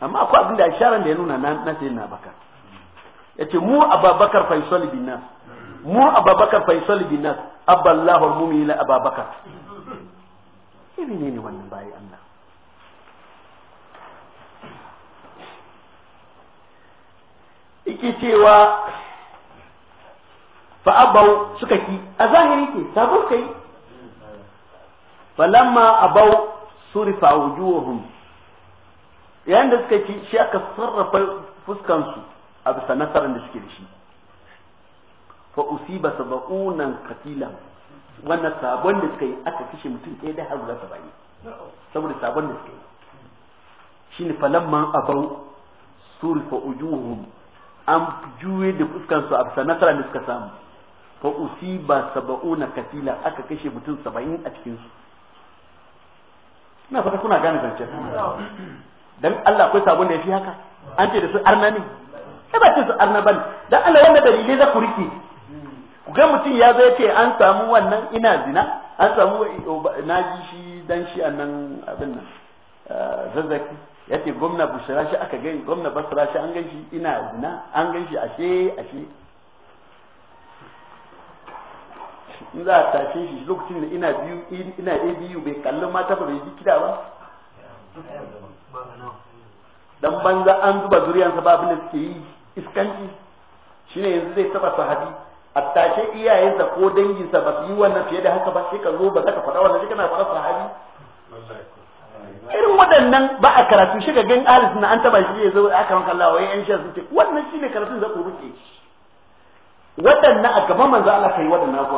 amma akwai abin da isharar da ya nuna na na sayyidina bakar yace mu ababakar fa yusalli bin nas mu ababakar fa yusalli bin nas aballahu al-mu'min ila ababakar ne ne wannan bayi Allah iki cewa fa abau suka ki a zahiri ke sabon kai falamma abau surifa wujuhum yayin da suka ci shi aka sarrafa fuskansu a bisa nasarar da suke da shi fa usiba sab'unan qatilan wannan sabon da suka yi aka kishe mutum ɗaya da har guda saba'in saboda sabon da suka yi shine falamma abau surfa ujuhum an juye da fuskansu a bisa nasarar da suka samu fa usiba sab'una katila aka kashe mutum 70 a cikin su ina fata kuna gane zance. dan Allah akwai sabon da yafi haka an ce da su arna ne sai ba ce su arna bane dan Allah wannan dalilai za ku rike ku ga mutum ya zo yace an samu wannan ina zina an samu na ji shi dan shi annan abin nan eh, zazzaki yace gwamna bushra shi aka gani gwamna basra shi an ganshi ina zina an ganshi ashe ashe in za a tashe shi lokacin da ina biyu ina abu bai kalli mata ba bai ji kida ba dan banza an zuba zuriyansa ba abin da suke yi iskanci shine yanzu zai taba sahabi a tashe iyayensa ko danginsa ba su yi wannan fiye da haka ba sai ka zo ba za ka faɗa wannan shi kana faɗa sahabi irin waɗannan ba a karatu shi ga gan alis na an taba shi ya zo aka maka Allah wai yan shan suke wannan shine karatun za ku ruke waɗannan a gaban manzo Allah kai waɗannan ko.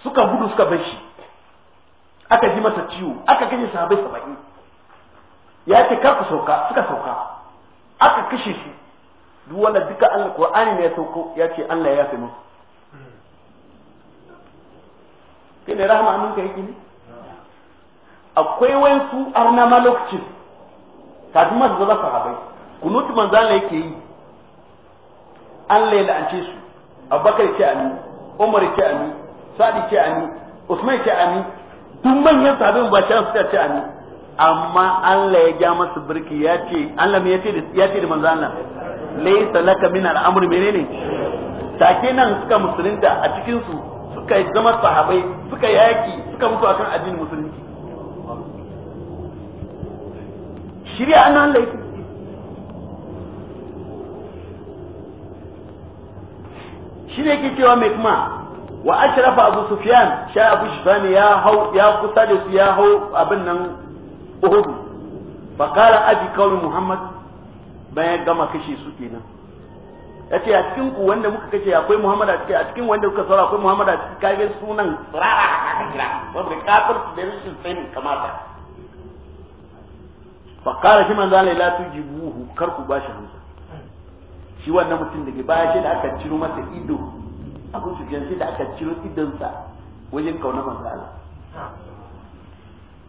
suka gudu suka bar shi aka ji masa ciwo aka kashe sahabbai saba'in ya ce kar ku sauka suka sauka aka kashe su duk wanda duka Allah Qur'ani ne ya sauko ya ce Allah ya fi musu kai da rahama hannunka kai ne akwai wayansu arna ma lokacin kafin masu zama sahabai kunutu la yake yi Allah ya la'ance su abubakar ce ani umar ce ani sadi ce ani usman ce ani duk manyan sahabin ba shi suka ce ani amma Allah ya ja masa birki ya ce Allah ya ce ya ce da manzo Allah laysa laka min al'amri menene take nan suka musulunta a cikin su suka zama sahabbai suka yaki suka mutu akan addinin musulunci shirya an Allah yake shi ne yake cewa mai kuma wa ashrafa abu sufyan sha abu shifani ya hau ya kusa da su ya hau abin nan uhud fa qala abi qawli muhammad bayan gama kashe su kenan yace a cikin ku wanda muka kace akwai muhammad a cikin a cikin wanda kuka saura akwai muhammad a cikin kage sunan tsara aka kira wanda kafir da sai sani kamata fa qala shi manzo Allah la tujibuhu kar ku ba shi hamsa shi wannan mutum da ke baya shi da aka ciro masa ido a kusurciyar shi da aka ciro idonsa wajen kauna manzo Allah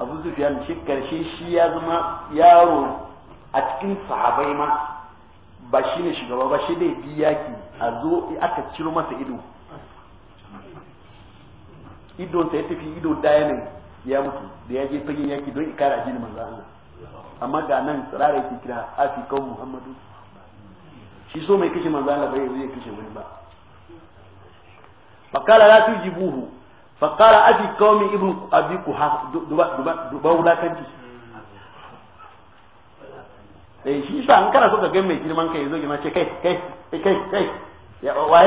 abu sufyan shi karshe shi ya zama yaro a cikin sahabai ma ba shi ne shugaba ba shi dai biyaki a zo aka ciro masa ido ta ya tafi ido daya ne ya mutu da ya je fagen yaki don ikara jini manzo Allah amma ga nan tsirara yake kira afikan muhammadu shi so mai kashe manzo Allah bai zai kashe wani ba fakala la tujibuhu فقال أبي قومي ابن أبي قحافة mai girman kai yazo gina eh, eh, ba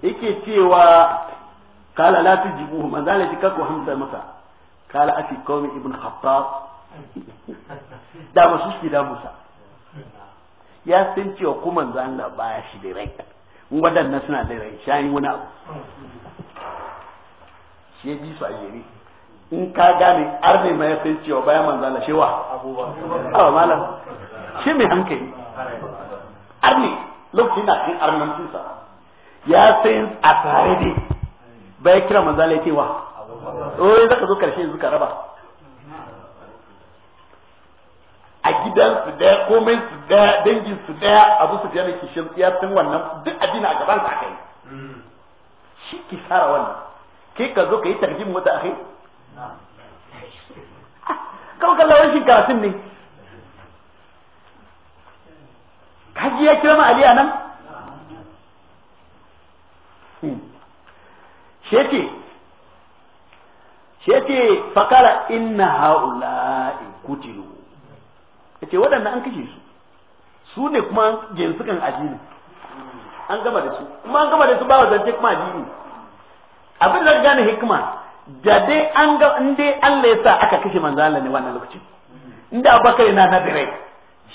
yake cewa kala la tujibu manzala shi hamsa masa kala afi kawai ibn khattab da masu shi da musa ya san cewa kuma zan da baya shi da rai waɗannan suna da rai shayin wani abu shi ya su a jere in ka gane arne ma ya san cewa bayan manzala shewa awa malam shi mai hankali arne lokaci na cikin arnancinsa ya san a tare dai bayan kira manzala ya ce wa Oye eh, zaka zo karshe zuka ka raba. A gidan su daya, komai su daya, dangin su daya, abu su fiye da kishin ya san wannan duk addini a gaban sa kai. Shi ki fara wannan. Kai ka zo ka yi tarjim mata akai. Kawai kallon rashin karatun ne. Kaji ya kira ma Ali a nan? Hmm. Shi yake shi yace fakara inna haula'i kutilu yace waɗannan an kashe su su ne kuma jinsukan addini an gama da su kuma an gama da su ba wa zance kuma addini abin da gane hikima da dai an ga in dai Allah ya sa aka kashe manzo Allah ne wannan lokacin inda Abubakar yana na dire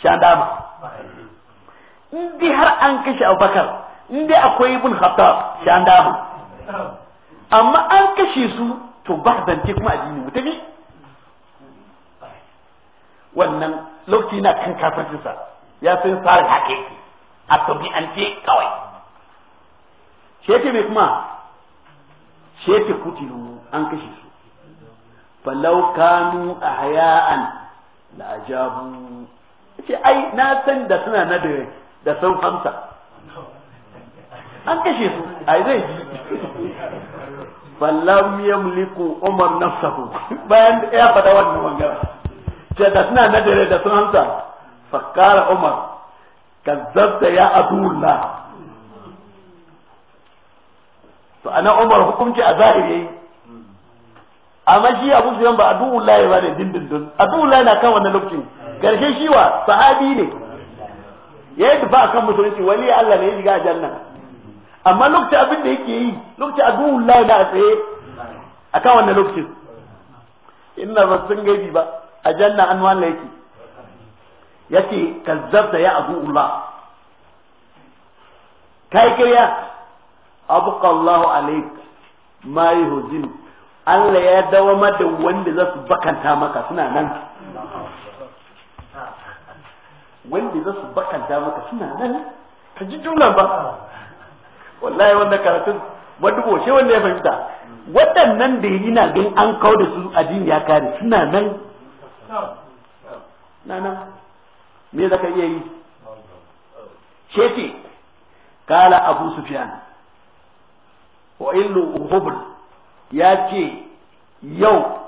sha dama in dai har an kashe Abubakar in dai akwai ibn Khattab sha dama amma an kashe su to ba zance kuma addini mu tafi wannan lokaci na kan kafircinsa ya san tsarin haƙe yake a tabi'ance kawai shi mai kuma shi yake kutilu an kashe su falau kanu ahya'an la ajabu ce ai na san da suna na da da san famsa an kashe su ai zai ji falam yamliku umar nafsahu bayan ya fada wannan magana ce da suna na dare da sun hamsa fakara umar kazzabta ya abdullah to ana umar hukunci a zahiri yayi amma shi abu su ba abdullah ba ne din din din abdullah na kan wannan lokacin karshe shi wa sahabi ne yayi tafa kan musulunci wali Allah ne ya shiga janna amma lokacin abin da yake yi lokaci a duhun lai na tsaye a kan wannan lokacin ina ba sun gaibi ba a janna an wala yake yake kazzabta ya ula ka yi kiriya abu kallahu alaik ma yuhzin Allah ya dawa da wanda za su bakanta maka suna nan wanda za su bakanta maka suna nan ka ji jumlan ba wallahi wanda karatun madubo shi wanda ya fahimta waɗannan da yi na gan an kawo da su a jin ya kare suna nan na nan me zaka iya yi shefe kala abu sufyan wa illu hubul ya ce yau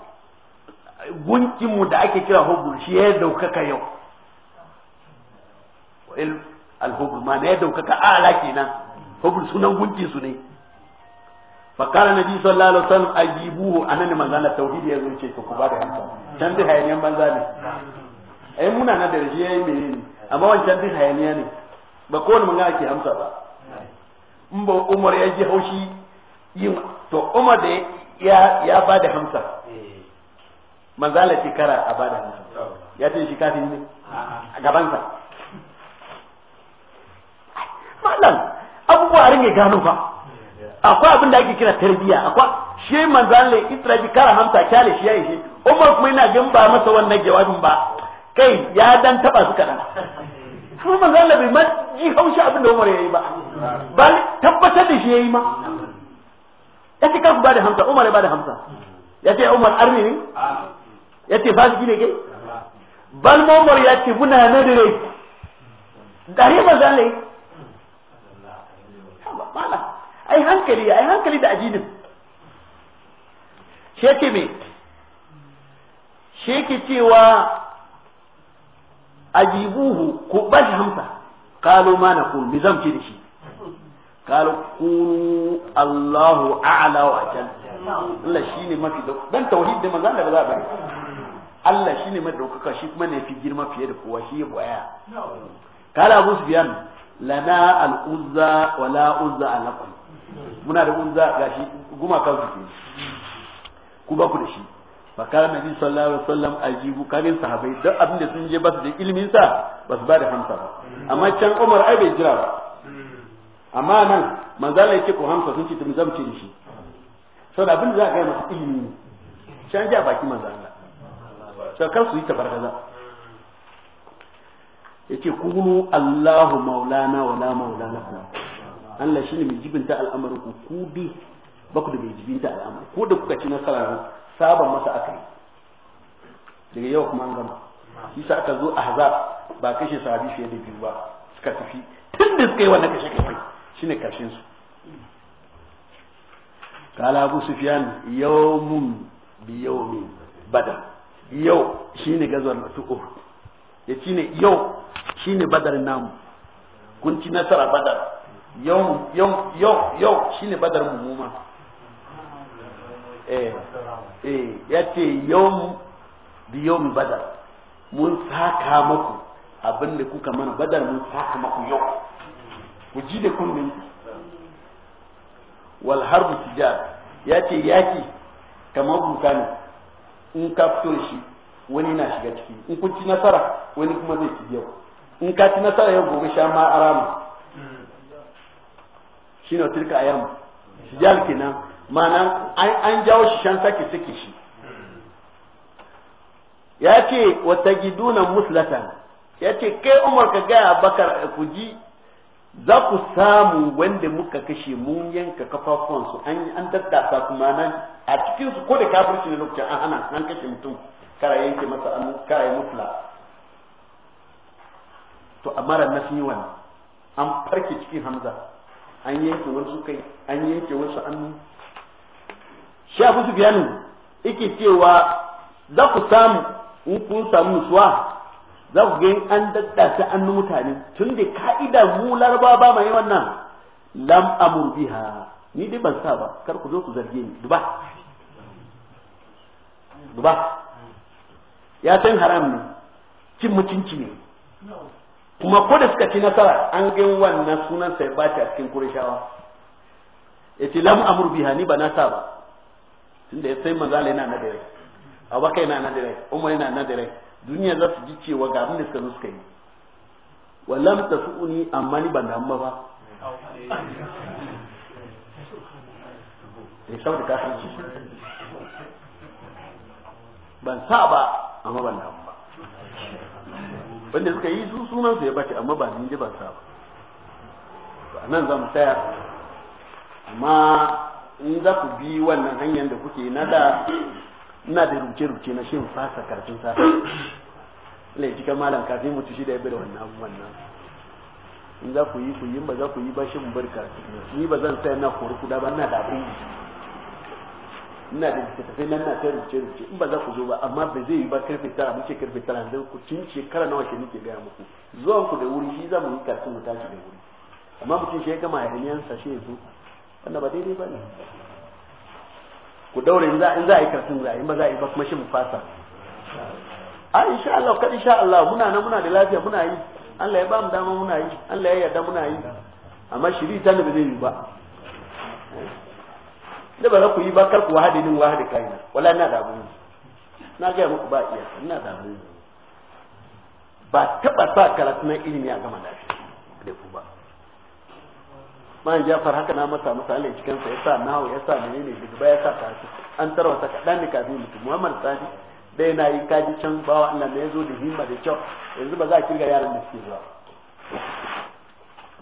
gunkinmu da ake kira hubul shi ya daukaka yau wa illu al-hubul ma ne ya daukaka ala kenan hubul sunan gunki su ne fakara nabi sallallahu alaihi wasallam ajibuhu anan manzo Allah tauhidi ya zuce to ku ba da hanka can da hayaniyan banza ne ai muna na darji yayi ne amma wancan din hayaniya ne ba kowane magana ake amsa ba in ba Umar ya ji haushi yin to Umar da ya ya ba da hamsa manzo Allah ce kara a ba da hamsa ya ce shi kafin ne a gaban sa malam abubuwa ringe gano fa akwai abin da ake kira tarbiya akwai shi manzan lai isra'i kara hamta kyale shi yayi shi umar kuma yana gin ba masa wannan jawabin ba kai ya dan taba su kadan kuma manzan lai bai ma ji haushi abin da umar yayi ba ba tabbatar da shi yayi ma yace ka ku bada da hamsa umar ya bada da hamsa ya umar arni ne yace ba shi ne kai bal mu umar yace ce muna nadire dare manzan bala ai hankali ai hankali da ajinin shi yake me shi yake cewa ajibuhu ku bashi hamsa kalu ma na kun nizam ce da shi kalu kunu Allahu a'ala wa can. Allah shine mafi da dan tauhid da manzo da ba za a bari Allah shine mai daukaka shi kuma ne fi girma fiye da kowa shi ya boya kala Abu biyan. lana al'uzza wa la uzza alakum muna da uzza gashi gumaka su ce ku ba ku da shi fa kana nabi sallallahu alaihi wasallam ajibu kamin sahabbai duk abin da sun je ba su da ilmin sa ba su ba da hamsa ba amma can Umar ai bai jira ba amma nan manzala yake ko hamsa sun ce tun mu zamu ce shi saboda abin da za ka yi masa ilimi can ja baki manzala sai kan su yi tabarkaza yace kunu Allahu maulana wala maulana ku Allah shine mai jibinta al'amarin ku ku bi ba ku da mai jibinta al'amari ko da kuka ci nasara saban masa akai daga yau kuma an gama shi sa aka zo ahzab ba kashe sahabi fiye da biyu ba suka tafi tun da suka yi wannan kashe kashe shine kashin su kala abu sufyan yawmun bi yawmin badal yau shine gazwar matu uhud ya ne yau shine badar namu kun ci nasara badar yau yau yau yau shine badar mu mu eh eh yace yau bi yau badar mun saka muku abin da kuka mana badar mun saka muku yau ku ji da kunnin wal harbu tijar yace yaki kamar buka ne in ka fito shi wani na shiga ciki in kun ci nasara wani kuma zai ci yau in ka ci nasara yau gobe sha ma aramu shi ne tilka a yamma, jihar kenan ma'ana an jawo shi shan sake sake shi ya ce wata gidunan muslatan ya ce kai umar ka gaya bakar ku ji za ku samu wanda muka kashe mun yanka kafafuwansu an an daddasa kuma nan a cikinsu ko da kafirci ne lokacin an hana an kashe mutum kara yanke masa an kara yi musla to a mara na fi wani an farke cikin hamza an yanke wasu kai an yanke wasu annu. shi abu su biyanu ike cewa za ku samu in kun samu nutsuwa za ku gani an daddace annu mutane tun da ka'ida mu laraba ba mai wannan lam amur biha ni dai ban sa ba kar ku zo ku zarge ni duba duba ya san haram ne cin mutunci ne kuma ko da suka ci nasara an gan wannan sunan sai ba ta cikin kurishawa yace lam amur biha ni ba na sa ba tunda ya sai manzo yana na dare abaka yana na dare umar yana na dare duniya za su ji cewa ga abin da suka zo suka yi wallam tasu'uni amma ni ban damu ba da saboda ban sa ba amma ban damu wanda suka yi su sunan su ya bace amma ba ni ba sa ba nan za mu tsaya amma in za ku bi wannan hanyar da kuke na da ina da rubuce-rubuce na shin fasa karfin sa laifi kan malam kafin mutu shi da ya bi da wannan abubuwan nan in za ku yi ku yi ba za ku yi ba shi mu bar karatu ni ba zan tsaya na kori kuda ba na da abin ina da littattafai nan na kai rubuce rubuce in ba za ku zo ba amma ba zai yi ba karfe tara muke karfe tara dan ku tun shekara nawa ke nake gaya muku zuwan ku da wuri shi za mu yi karatu mu tashi da wuri amma mutum shi ya gama hayaniyansa shi ya zo wannan ba daidai ba ne ku daure in za a yi karatun za a yi ba za a yi ba kuma shi mu fasa a insha Allah kada insha Allah muna nan muna da lafiya muna yi Allah ya ba mu dama muna yi Allah ya yarda muna yi amma shiri ta ne ba zai yi ba da ba za ku yi ba kar ku wahadi nin wahadi kaina wala na da abun na ga muku ba iya ina da abun ba taba ba karatu na ilimi a gama lafiya da ku ba man jafar haka na masa misali cikin sa yasa nawo yasa menene daga baya sa ta an ta kadan ne kafin mutum Muhammad Sani da yana yi kaji can bawa Allah ne yazo da himma da cewa yanzu ba za a kirga yaran da suke zuwa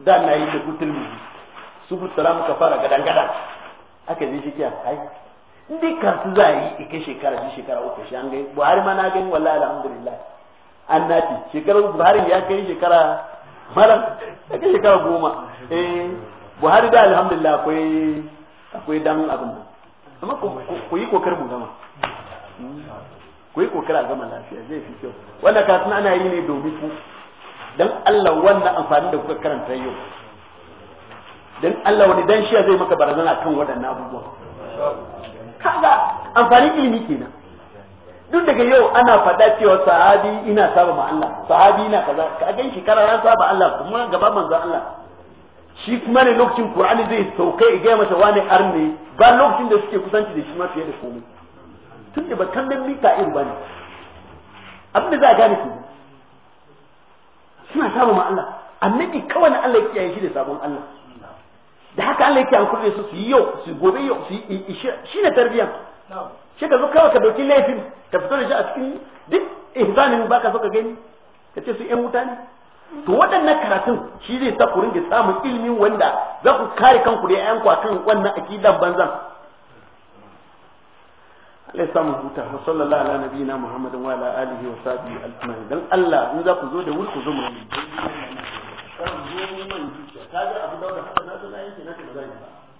da na yi da gutulmi su fitara muka fara gadan gadan aka bi shi kiyar hai duk karatu za a yi ike shekara shi shekara uku shi an gai buhari ma na gani wallahi alhamdulillah an nati shekarar buhari ya kai shekara malam ya kai shekara goma eh buhari da alhamdulillah akwai akwai dan abin da amma ku yi kokar mu gama hmm. ku yi kokar a gama lafiya zai fi kyau wannan kasu ana yi ne domin ku don Allah wannan amfani da kuka karanta yau dan Allah wani dan shi zai maka barazana kan waɗannan abubuwan kaga amfani ilimi kenan duk daga yau ana faɗa cewa sahabi ina saba ma Allah sahabi ina kaza ka ga shi karara saba Allah kuma gaba manzo Allah shi kuma ne lokacin Qur'ani zai sauka ya ga masa wani arne ba lokacin da suke kusanci da shi ma fiye da komai tun da ba kallon irin bane abin da za a gane su suna saba ma Allah annabi kawai Allah ya kiyaye shi da sabon Allah da haka Allah yake hankuri da su su yi yau su gobe yau su yi shi ne tarbiyya shi ka zo kawai ka dauki laifin ka fito da shi a cikin duk ihsanin ba ka so ka gani ka ce su yan mutane to waɗannan karatun shi zai sa ku ringa samun ilimin wanda za ku kare kanku da ƴan ku akan wannan akidan banzan Allah ya samu huta wa sallallahu ala nabiyina Muhammadin wa ala alihi wa sahbihi ajma'in dan Allah in za ku zo da wuri ku zo mu kan zo mun man zuciya kaga abu dauda haka na zo na na ce ba